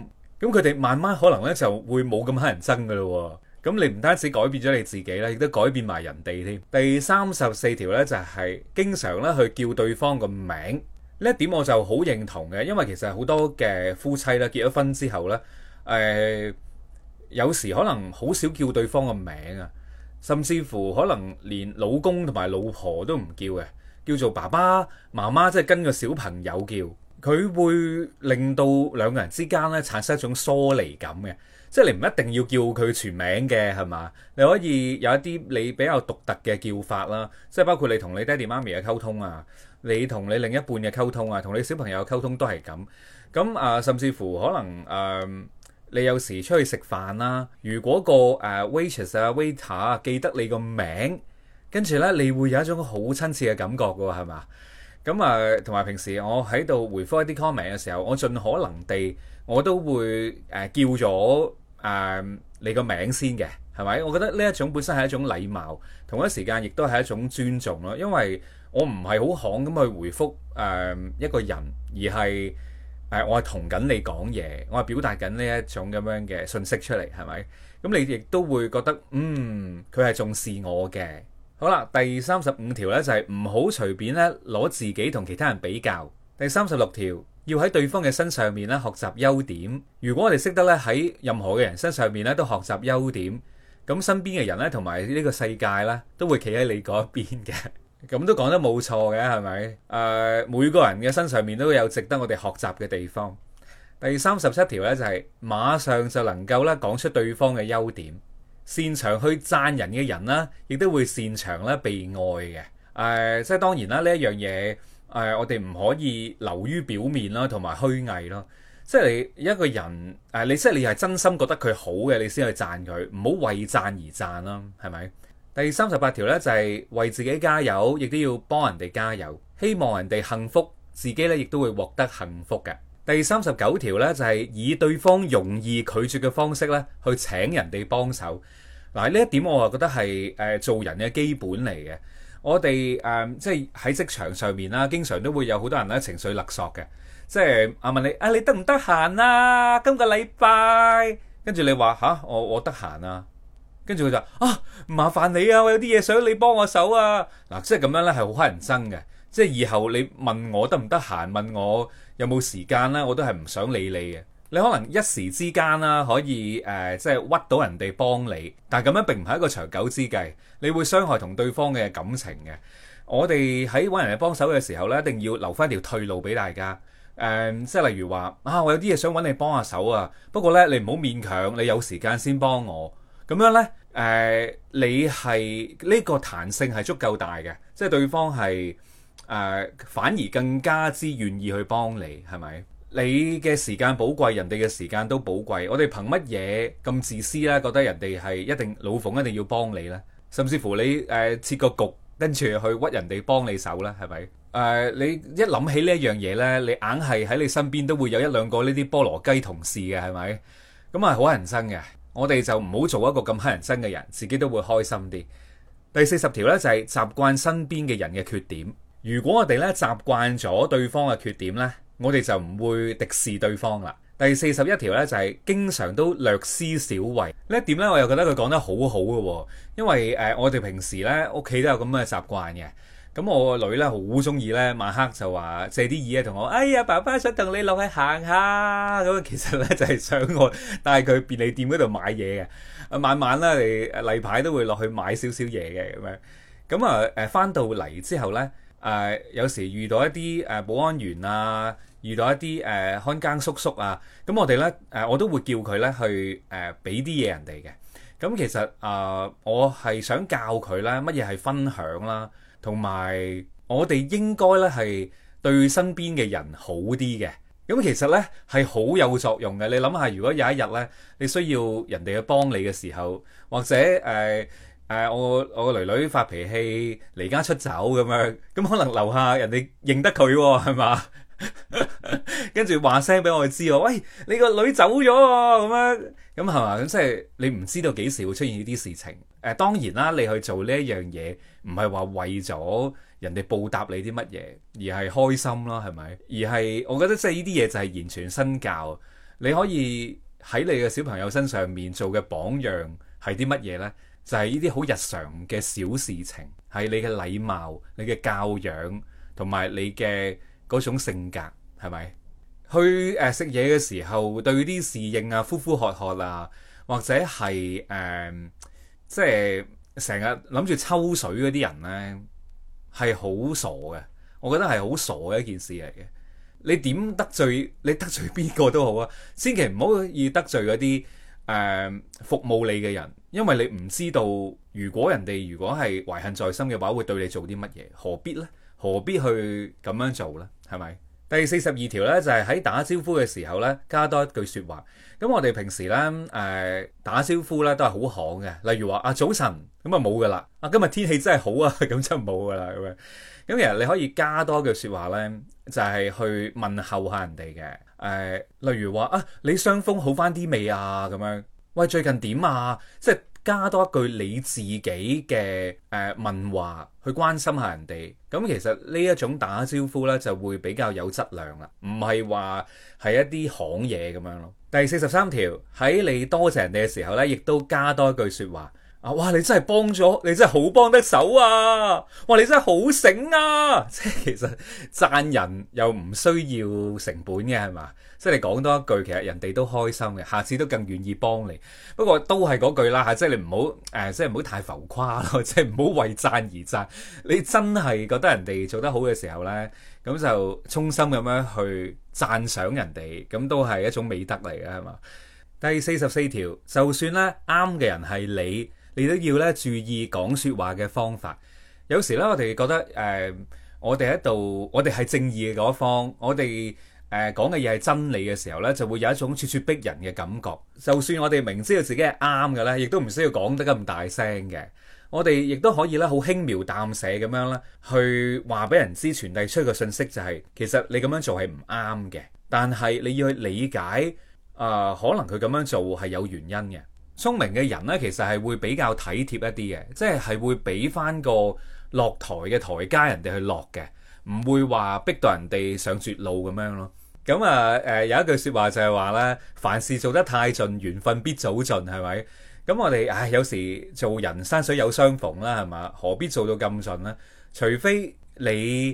咁佢哋慢慢可能咧就會冇咁乞人憎噶咯。咁你唔單止改變咗你自己咧，亦都改變埋人哋添。第三十四條咧就係經常咧去叫對方個名。呢一點我就好認同嘅，因為其實好多嘅夫妻咧結咗婚之後咧，誒、哎。有時可能好少叫對方嘅名啊，甚至乎可能連老公同埋老婆都唔叫嘅，叫做爸爸、媽媽，即係跟個小朋友叫，佢會令到兩個人之間咧產生一種疏離感嘅，即係你唔一定要叫佢全名嘅，係嘛？你可以有一啲你比較獨特嘅叫法啦，即係包括你同你爹哋媽咪嘅溝通啊，你同你另一半嘅溝通啊，同你小朋友嘅溝通都係咁，咁啊、呃，甚至乎可能誒。呃你有時出去食飯啦，如果個誒、uh, waitress 啊、uh, waiter 啊記得你個名，跟住呢，你會有一種好親切嘅感覺嘅喎，係嘛？咁啊，同、uh, 埋平時我喺度回覆一啲 comment 嘅時候，我盡可能地我都會誒、uh, 叫咗誒、uh, 你個名先嘅，係咪？我覺得呢一種本身係一種禮貌，同一時間亦都係一種尊重咯，因為我唔係好罕咁去回覆誒、uh, 一個人，而係。誒，我係同緊你講嘢，我係表達緊呢一種咁樣嘅信息出嚟，係咪？咁你亦都會覺得，嗯，佢係重視我嘅。好啦，第三十五條呢就係唔好隨便呢攞自己同其他人比較。第三十六條要喺對方嘅身上面呢學習優點。如果我哋識得呢喺任何嘅人身上面呢都學習優點，咁身邊嘅人呢，同埋呢個世界呢，都會企喺你嗰邊嘅。咁都講得冇錯嘅，係咪？誒、呃，每個人嘅身上面都有值得我哋學習嘅地方。第三十七條呢，就係、是、馬上就能夠咧講出對方嘅優點，擅長去讚人嘅人啦，亦都會擅長咧被愛嘅。誒、呃，即係當然啦，呢一樣嘢，誒、呃，我哋唔可以流於表面啦，同埋虛偽咯。即係你一個人，誒、呃，你即係你係真心覺得佢好嘅，你先去讚佢，唔好為讚而讚咯，係咪？第三十八條呢，就係為自己加油，亦都要幫人哋加油，希望人哋幸福，自己呢亦都會獲得幸福嘅。第三十九條呢，就係以對方容易拒絕嘅方式呢，去請人哋幫手。嗱，呢一點我啊覺得係誒、呃、做人嘅基本嚟嘅。我哋誒、呃、即係喺職場上面啦，經常都會有好多人咧情緒勒索嘅，即係啊問你啊，你得唔得閒啊？今個禮拜跟住你話吓我，我得閒啊。跟住佢就啊，麻煩你啊，我有啲嘢想你幫我手啊！嗱，即係咁樣呢，係好乞人憎嘅。即係以後你問我得唔得閒，問我有冇時間呢，我都係唔想理你嘅。你可能一時之間啦，可以誒，即係屈到人哋幫你，但係咁樣並唔係一個長久之計，你會傷害同對方嘅感情嘅。我哋喺揾人哋幫手嘅時候呢，一定要留翻條退路俾大家。誒、呃，即係例如話啊，我有啲嘢想揾你幫下手啊，不過呢，你唔好勉強，你有時間先幫我。咁樣呢，誒，你係呢個彈性係足夠大嘅，即係對方係誒，反而更加之願意去幫你，係咪？你嘅時間寶貴，人哋嘅時間都寶貴。我哋憑乜嘢咁自私呢？覺得人哋係一定老馮一定要幫你呢？甚至乎你誒，設個局，跟住去屈人哋幫你手呢，係咪？誒，你一諗起呢一樣嘢呢，你硬係喺你身邊都會有一兩個呢啲菠蘿雞同事嘅，係咪？咁啊，好人生嘅。我哋就唔好做一個咁乞人憎嘅人，自己都會開心啲。第四十條呢，就係習慣身邊嘅人嘅缺點。如果我哋呢習慣咗對方嘅缺點呢，我哋就唔會敵視對方啦。第四十一條呢，就係經常都略施小惠。呢一點呢，我又覺得佢講得好好嘅，因為誒，我哋平時呢屋企都有咁嘅習慣嘅。咁我個女咧好中意咧，晚黑就話借啲嘢同我。哎呀，爸爸想同你落去行下咁啊。其實咧就係、是、想我帶佢便利店嗰度買嘢嘅。晚晚咧，你例牌都會落去買少少嘢嘅咁樣。咁啊，誒翻到嚟之後咧，誒、呃、有時遇到一啲誒保安員啊，遇到一啲誒、呃、看更叔叔啊，咁我哋咧誒我都會叫佢咧去誒俾啲嘢人哋嘅。咁其實啊、呃，我係想教佢咧乜嘢係分享啦。同埋，我哋應該咧係對身邊嘅人好啲嘅。咁其實咧係好有作用嘅。你諗下，如果有一日咧你需要人哋去幫你嘅時候，或者誒誒、呃呃，我我個女女發脾氣離家出走咁樣，咁可能留下人哋認得佢喎、哦，係嘛？跟住話聲俾我哋知喎，喂，你個女走咗喎，咁樣咁係嘛？即係、就是、你唔知道幾時會出現呢啲事情。誒，當然啦，你去做呢一樣嘢。唔係話為咗人哋報答你啲乜嘢，而係開心囉，係咪？而係我覺得即係呢啲嘢就係言傳身教。你可以喺你嘅小朋友身上面做嘅榜樣係啲乜嘢呢？就係呢啲好日常嘅小事情，係你嘅禮貌、你嘅教養同埋你嘅嗰種性格，係咪？去誒、呃、食嘢嘅時候對啲侍應啊、呼呼喝喝啊，或者係誒、呃、即係。成日諗住抽水嗰啲人呢，係好傻嘅，我覺得係好傻嘅一件事嚟嘅。你點得罪你得罪邊個都好啊，千祈唔好以得罪嗰啲誒服務你嘅人，因為你唔知道如果人哋如果係懷恨在心嘅話，會對你做啲乜嘢？何必呢？何必去咁樣做呢？係咪？第四十二條呢，就係喺打招呼嘅時候呢，加多一句說話，咁我哋平時呢，誒、呃、打招呼呢都係好巷嘅，例如話啊早晨，咁啊冇噶啦，啊今日天氣真係好啊，咁就冇噶啦咁樣，咁其實你可以加多句說話呢，就係去問候下人哋嘅，誒、呃，例如話啊你傷風好返啲未啊，咁樣，喂最近點啊，即係。加多一句你自己嘅，誒、呃、問話去關心下人哋咁，其實呢一種打招呼呢就會比較有質量啦，唔係話係一啲行嘢咁樣咯。第四十三條，喺你多謝人哋嘅時候呢，亦都加多一句説話。哇！你真係幫咗，你真係好幫得手啊！哇！你真係好醒啊！即係其實讚人又唔需要成本嘅係嘛？即係你講多一句，其實人哋都開心嘅，下次都更願意幫你。不過都係嗰句啦吓，即係你唔好誒，即係唔好太浮誇咯，即係唔好為讚而讚。你真係覺得人哋做得好嘅時候呢，咁就衷心咁樣去讚賞人哋，咁都係一種美德嚟嘅係嘛？第四十四條，就算呢啱嘅人係你。你都要咧注意講說話嘅方法。有時咧、呃，我哋覺得誒，我哋喺度，我哋係正義嘅嗰方，我哋誒講嘅嘢係真理嘅時候咧，就會有一種咄咄逼人嘅感覺。就算我哋明知道自己係啱嘅咧，亦都唔需要講得咁大聲嘅。我哋亦都可以咧，好輕描淡寫咁樣咧，去話俾人知，傳遞出一個信息，就是，就係其實你咁樣做係唔啱嘅。但係你要去理解，啊、呃，可能佢咁樣做係有原因嘅。聰明嘅人呢，其實係會比較體貼一啲嘅，即係係會俾翻個落台嘅台階人哋去落嘅，唔會話逼到人哋上絕路咁樣咯。咁啊誒有一句説話就係話呢，凡事做得太盡，緣分必早盡，係咪？咁、嗯、我哋唉，有時做人山水有相逢啦，係嘛？何必做到咁盡呢？除非你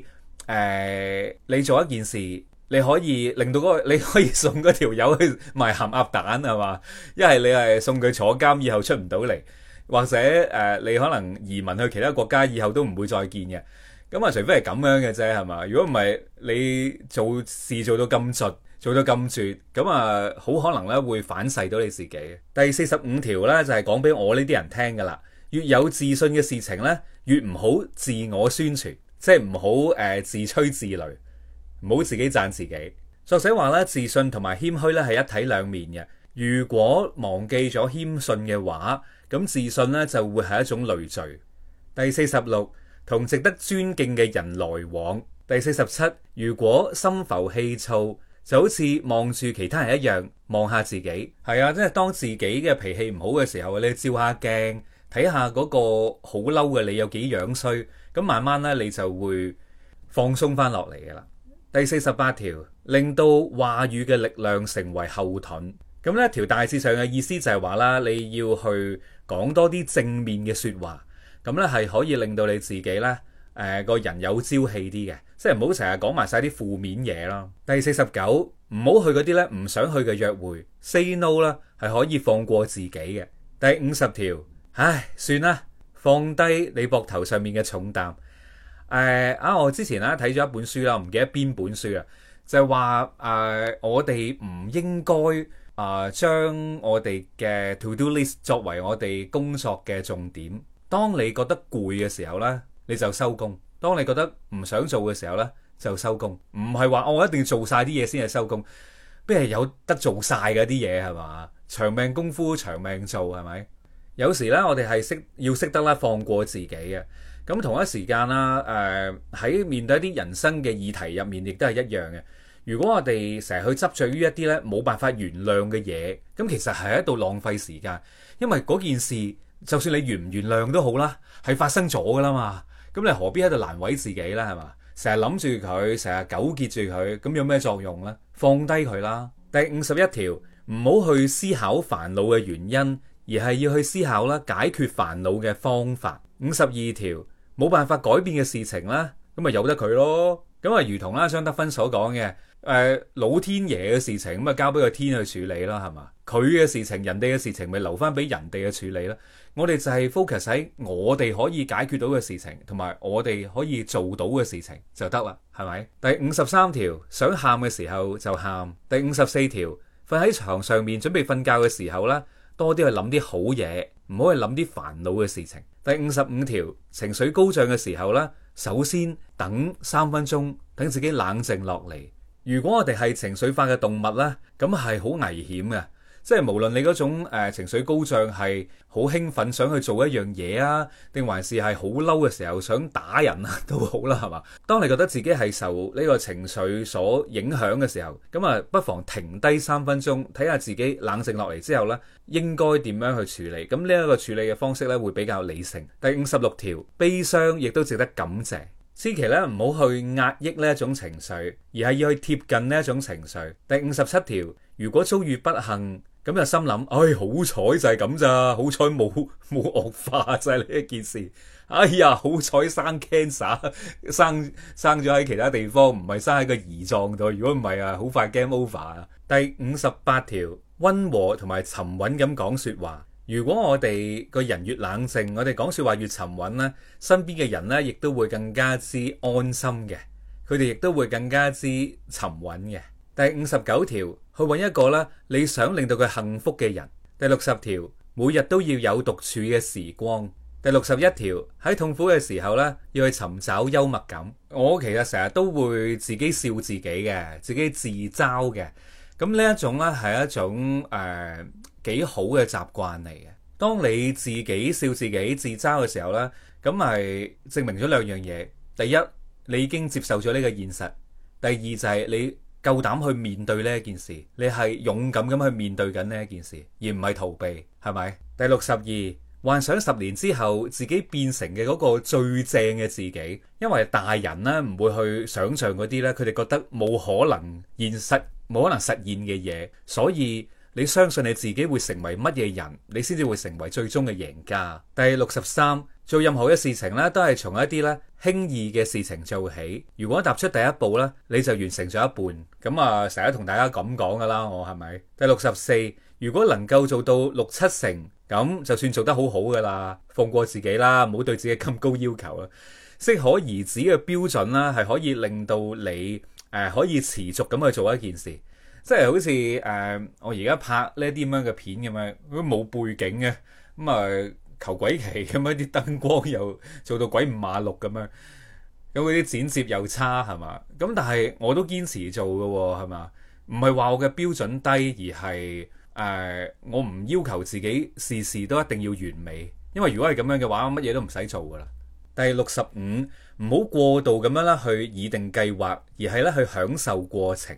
誒、呃、你做一件事。你可以令到嗰個，你可以送嗰條友去賣鹹鴨蛋係嘛？一係你係送佢坐監以後出唔到嚟，或者誒你可能移民去其他國家以後都唔會再見嘅。咁啊，除非係咁樣嘅啫係嘛？如果唔係，你做事做到咁盡，做到咁絕，咁啊，好可能咧會反噬到你自己。第四十五條呢，就係講俾我呢啲人聽㗎啦。越有自信嘅事情呢，越唔好自我宣傳，即係唔好誒自吹自擂。唔好自己讚自己。作者話咧，自信同埋謙虛咧係一體兩面嘅。如果忘記咗謙遜嘅話，咁自信咧就會係一種累贅。第四十六，同值得尊敬嘅人來往。第四十七，如果心浮氣躁，就好似望住其他人一樣，望下自己。係啊，即係當自己嘅脾氣唔好嘅時候，你照下鏡，睇下嗰個好嬲嘅你有幾樣衰，咁慢慢咧你就會放鬆翻落嚟嘅啦。第四十八條令到話語嘅力量成為後盾，咁呢條大致上嘅意思就係話啦，你要去講多啲正面嘅說話，咁呢係可以令到你自己呢誒、呃、個人有朝氣啲嘅，即係唔好成日講埋晒啲負面嘢啦。第四十九唔好去嗰啲呢唔想去嘅約會，say no 啦，係可以放過自己嘅。第五十條，唉，算啦，放低你膊頭上面嘅重擔。誒啊！Uh, 我之前咧睇咗一本書啦，唔記得邊本書啊，就係話誒，uh, 我哋唔應該啊將我哋嘅 to do list 作為我哋工作嘅重點。當你覺得攰嘅時候呢，你就收工；當你覺得唔想做嘅時候呢，就收工。唔係話我一定要做晒啲嘢先至收工，邊係有得做晒嗰啲嘢係嘛？長命功夫長命做係咪？有時呢，我哋係識要識得咧，放過自己嘅。咁同一時間啦，誒喺面對一啲人生嘅議題入面，亦都係一樣嘅。如果我哋成日去執著於一啲咧冇辦法原諒嘅嘢，咁其實係喺度浪費時間，因為嗰件事就算你原唔原諒都好啦，係發生咗噶啦嘛。咁你何必喺度難為自己呢？係嘛，成日諗住佢，成日糾結住佢，咁有咩作用呢？放低佢啦。第五十一條，唔好去思考煩惱嘅原因，而係要去思考啦解決煩惱嘅方法。五十二條。冇辦法改變嘅事情啦，咁咪由得佢咯。咁啊如同啦張德芬所講嘅，誒、呃、老天爺嘅事情，咁啊交俾個天去處理啦，係嘛？佢嘅事情，人哋嘅事情咪留翻俾人哋去處理啦。我哋就係 focus 喺我哋可以解決到嘅事情，同埋我哋可以做到嘅事情就得啦，係咪？第五十三條，想喊嘅時候就喊。第五十四條，瞓喺床上面準備瞓覺嘅時候呢，多啲去諗啲好嘢，唔好去諗啲煩惱嘅事情。第五十五條，情緒高漲嘅時候呢，首先等三分鐘，等自己冷靜落嚟。如果我哋係情緒化嘅動物咧，咁係好危險嘅。即係無論你嗰種誒、呃、情緒高漲係好興奮想去做一樣嘢啊，定還是係好嬲嘅時候想打人啊都好啦，係嘛？當你覺得自己係受呢個情緒所影響嘅時候，咁啊不妨停低三分鐘，睇下自己冷靜落嚟之後呢，應該點樣去處理？咁呢一個處理嘅方式呢，會比較理性。第五十六條，悲傷亦都值得感謝。千祈呢，唔好去壓抑呢一種情緒，而係要去貼近呢一種情緒。第五十七條，如果遭遇不幸，咁又心諗，唉、哎，好彩就係咁咋，好彩冇冇惡化晒呢一件事。哎呀，好彩生 cancer，生生咗喺其他地方，唔係生喺個胰臟度。如果唔係啊，好快 game over 啊。第五十八條，溫和同埋沉穩咁講說話。如果我哋個人越冷靜，我哋講說話越沉穩咧，身邊嘅人呢亦都會更加之安心嘅。佢哋亦都會更加之沉穩嘅。第五十九條。去揾一個咧，你想令到佢幸福嘅人。第六十條，每日都要有獨處嘅時光。第六十一條，喺痛苦嘅時候咧，要去尋找幽默感。我其實成日都會自己笑自己嘅，自己自嘲嘅。咁呢一種咧係一種誒幾、呃、好嘅習慣嚟嘅。當你自己笑自己自嘲嘅時候咧，咁係證明咗兩樣嘢。第一，你已經接受咗呢個現實。第二就係你。夠膽去面對呢一件事，你係勇敢咁去面對緊呢一件事，而唔係逃避，係咪？第六十二，幻想十年之後自己變成嘅嗰個最正嘅自己，因為大人呢唔會去想象嗰啲呢，佢哋覺得冇可能現實冇可能實現嘅嘢，所以你相信你自己會成為乜嘢人，你先至會成為最終嘅贏家。第六十三，做任何嘅事情呢，都係從一啲呢，輕易嘅事情做起，如果踏出第一步呢，你就完成咗一半。咁啊，成日同大家咁講噶啦，我係咪？第六十四，如果能夠做到六七成，咁就算做得好好噶啦，放過自己啦，唔好對自己咁高要求啦。適可而止嘅標準啦，係可以令到你誒、呃、可以持續咁去做一件事，即係好似誒、呃、我而家拍呢啲咁樣嘅片咁樣，都冇背景嘅咁啊。嗯呃求鬼奇咁一啲燈光又做到鬼五馬六咁樣，咁嗰啲剪接又差係嘛？咁但係我都堅持做嘅喎係嘛？唔係話我嘅標準低，而係誒、呃、我唔要求自己事事都一定要完美，因為如果係咁樣嘅話，我乜嘢都唔使做㗎啦。第六十五，唔好過度咁樣啦去擬定計劃，而係咧去享受過程。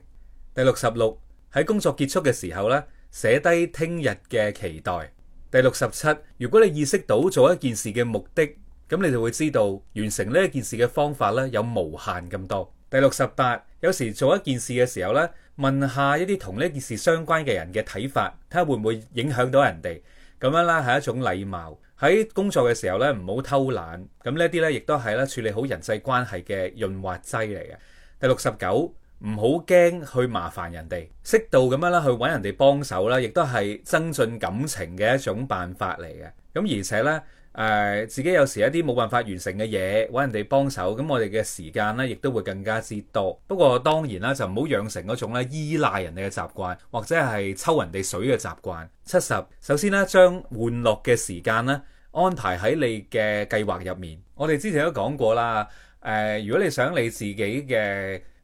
第六十六，喺工作結束嘅時候咧，寫低聽日嘅期待。第六十七，如果你意識到做一件事嘅目的，咁你就會知道完成呢一件事嘅方法咧有無限咁多。第六十八，有時做一件事嘅時候咧，問下一啲同呢件事相關嘅人嘅睇法，睇下會唔會影響到人哋，咁樣咧係一種禮貌。喺工作嘅時候咧，唔好偷懶，咁呢啲咧亦都係咧處理好人際關係嘅潤滑劑嚟嘅。第六十九。唔好驚去麻煩人哋，適度咁樣啦，去搵人哋幫手啦，亦都係增進感情嘅一種辦法嚟嘅。咁而且呢，誒、呃，自己有時一啲冇辦法完成嘅嘢，搵人哋幫手，咁我哋嘅時間呢亦都會更加之多。不過當然啦，就唔好養成嗰種咧依賴人哋嘅習慣，或者係抽人哋水嘅習慣。七十，首先咧，將玩樂嘅時間呢安排喺你嘅計劃入面。我哋之前都講過啦，誒、呃，如果你想你自己嘅。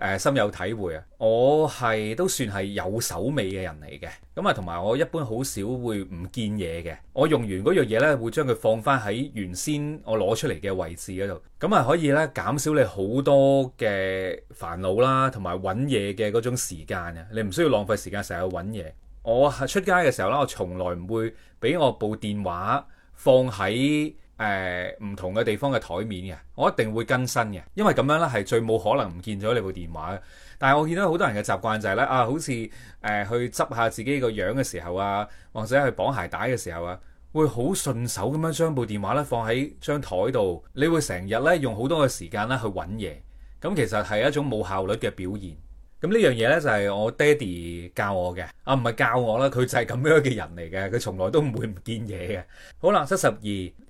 誒深有體會啊！我係都算係有手尾嘅人嚟嘅，咁啊同埋我一般好少會唔見嘢嘅。我用完嗰樣嘢呢，會將佢放翻喺原先我攞出嚟嘅位置嗰度，咁啊可以呢，減少你好多嘅煩惱啦，同埋揾嘢嘅嗰種時間啊！你唔需要浪費時間成日去揾嘢。我出街嘅時候呢，我從來唔會俾我部電話放喺誒，唔、呃、同嘅地方嘅台面嘅，我一定會更新嘅，因為咁樣咧係最冇可能唔見咗你部電話嘅。但係我見到好多人嘅習慣就係、是、咧，啊，好似誒、呃、去執下自己個樣嘅時候啊，或者去綁鞋帶嘅時候啊，會好順手咁樣將部電話咧放喺張台度，你會成日咧用好多嘅時間咧去揾嘢，咁其實係一種冇效率嘅表現。咁呢樣嘢呢，就係我爹哋教我嘅，啊唔係教我啦，佢就係咁樣嘅人嚟嘅，佢從來都唔會唔見嘢嘅。好啦，七十二，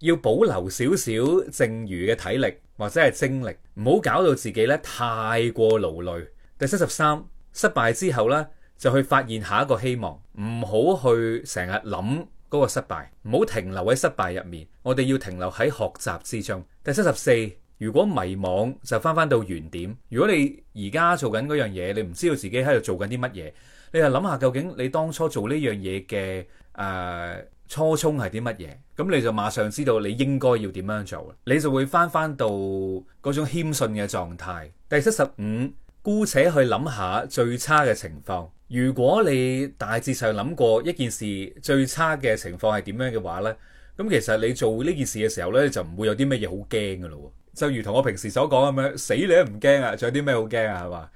要保留少少剩餘嘅體力或者係精力，唔好搞到自己呢太過勞累。第七十三，失敗之後呢，就去發現下一個希望，唔好去成日諗嗰個失敗，唔好停留喺失敗入面，我哋要停留喺學習之中。第七十四。如果迷惘就返返到原點。如果你而家做緊嗰樣嘢，你唔知道自己喺度做緊啲乜嘢，你就諗下究竟你當初做呢樣嘢嘅誒初衷係啲乜嘢？咁你就馬上知道你應該要點樣做，你就會返返到嗰種謙遜嘅狀態。第七十五，姑且去諗下最差嘅情況。如果你大致上諗過一件事最差嘅情況係點樣嘅話呢，咁其實你做呢件事嘅時候呢，就唔會有啲乜嘢好驚㗎咯。就如同我平時所講咁樣，死你都唔驚啊！仲有啲咩好驚啊？係嘛，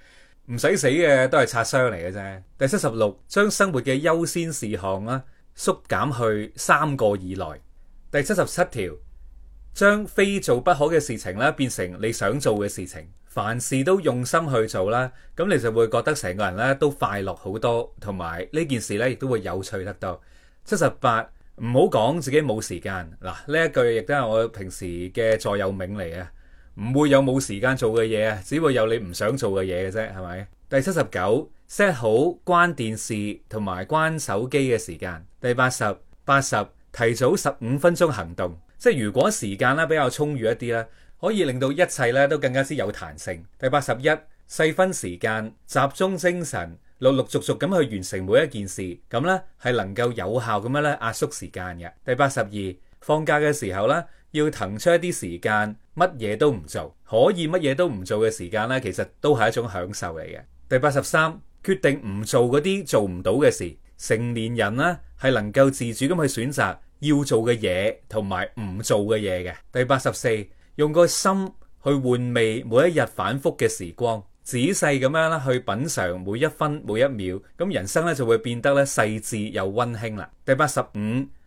唔使死嘅都係擦傷嚟嘅啫。第七十六，將生活嘅優先事項啦，縮減去三個以內。第七十七條，將非做不可嘅事情咧，變成你想做嘅事情，凡事都用心去做啦，咁你就會覺得成個人咧都快樂好多，同埋呢件事咧亦都會有趣得多。七十八。唔好講自己冇時間，嗱，呢一句亦都係我平時嘅座右銘嚟嘅，唔會有冇時間做嘅嘢啊，只會有你唔想做嘅嘢嘅啫，係咪？第七十九，set 好關電視同埋關手機嘅時間。第八十，八十，提早十五分鐘行動，即係如果時間咧比較充裕一啲咧，可以令到一切咧都更加之有彈性。第八十一，細分時間，集中精神。陸陸續續咁去完成每一件事，咁咧係能夠有效咁樣咧壓縮時間嘅。第八十二，放假嘅時候咧，要騰出一啲時間，乜嘢都唔做，可以乜嘢都唔做嘅時間咧，其實都係一種享受嚟嘅。第八十三，決定唔做嗰啲做唔到嘅事，成年人咧係能夠自主咁去選擇要做嘅嘢同埋唔做嘅嘢嘅。第八十四，用個心去換味每一日反復嘅時光。仔細咁樣咧去品嚐每一分每一秒，咁人生咧就會變得咧細緻又温馨啦。第八十五，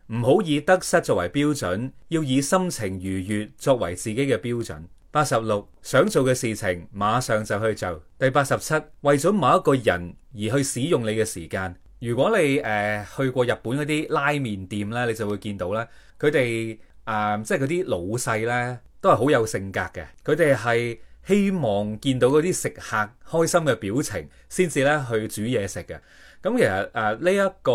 唔好以得失作為標準，要以心情愉悅作為自己嘅標準。八十六，想做嘅事情馬上就去做。第八十七，為咗某一個人而去使用你嘅時間。如果你誒、呃、去過日本嗰啲拉麵店咧，你就會見到咧，佢哋啊，即係嗰啲老細咧，都係好有性格嘅，佢哋係。希望見到嗰啲食客開心嘅表情，先至咧去煮嘢食嘅。咁其實誒呢一個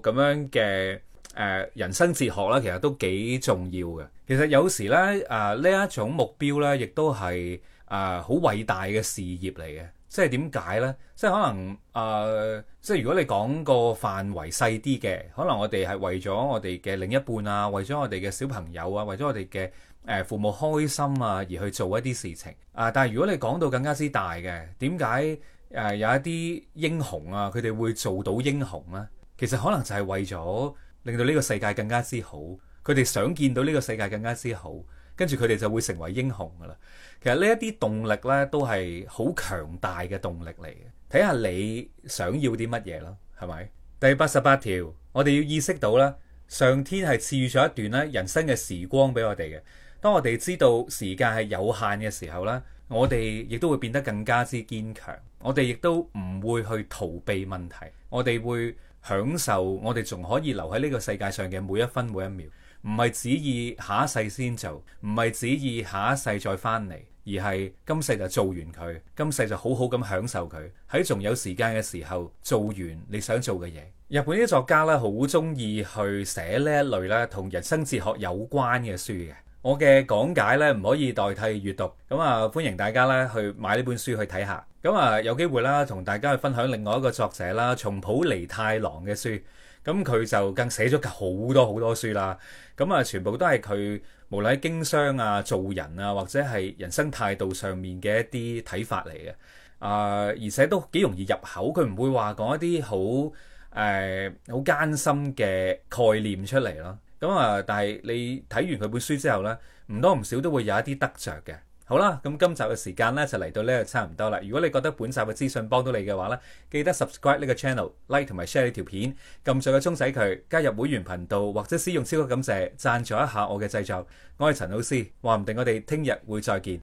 咁樣嘅誒、呃、人生哲學啦，其實都幾重要嘅。其實有時咧誒呢一種目標咧，亦都係誒好偉大嘅事業嚟嘅。即係點解咧？即係可能誒、呃，即係如果你講個範圍細啲嘅，可能我哋係為咗我哋嘅另一半啊，為咗我哋嘅小朋友啊，為咗我哋嘅。誒父母開心啊，而去做一啲事情啊。但係如果你講到更加之大嘅，點解誒有一啲英雄啊？佢哋會做到英雄呢？其實可能就係為咗令到呢個世界更加之好，佢哋想見到呢個世界更加之好，跟住佢哋就會成為英雄噶啦。其實呢一啲動力呢，都係好強大嘅動力嚟嘅。睇下你想要啲乜嘢囉，係咪？第八十八條，我哋要意識到咧，上天係賜予咗一段咧人生嘅時光俾我哋嘅。當我哋知道時間係有限嘅時候咧，我哋亦都會變得更加之堅強。我哋亦都唔會去逃避問題，我哋會享受我哋仲可以留喺呢個世界上嘅每一分每一秒。唔係旨意下一世先做，唔係旨意下一世再返嚟，而係今世就做完佢，今世就好好咁享受佢。喺仲有時間嘅時候，做完你想做嘅嘢。日本啲作家咧，好鍾意去寫呢一類咧，同人生哲學有關嘅書嘅。我嘅講解呢，唔可以代替閱讀，咁啊歡迎大家呢去買呢本書去睇下，咁啊有機會啦，同大家去分享另外一個作者啦，松浦彌太郎嘅書，咁佢就更寫咗好多好多書啦，咁啊全部都係佢無論喺經商啊、做人啊、或者係人生態度上面嘅一啲睇法嚟嘅。啊、呃、而且都幾容易入口，佢唔會話講一啲好誒好艱辛嘅概念出嚟咯。咁啊，但係你睇完佢本書之後呢，唔多唔少都會有一啲得着嘅。好啦，咁今集嘅時間呢，就嚟到呢度差唔多啦。如果你覺得本集嘅資訊幫到你嘅話呢，記得 subscribe 呢個 channel、like 同埋 share 呢條片、撳上個鐘仔加入會員頻道或者使用超級感謝贊助一下我嘅製作。我係陳老 C，話唔定我哋聽日會再見。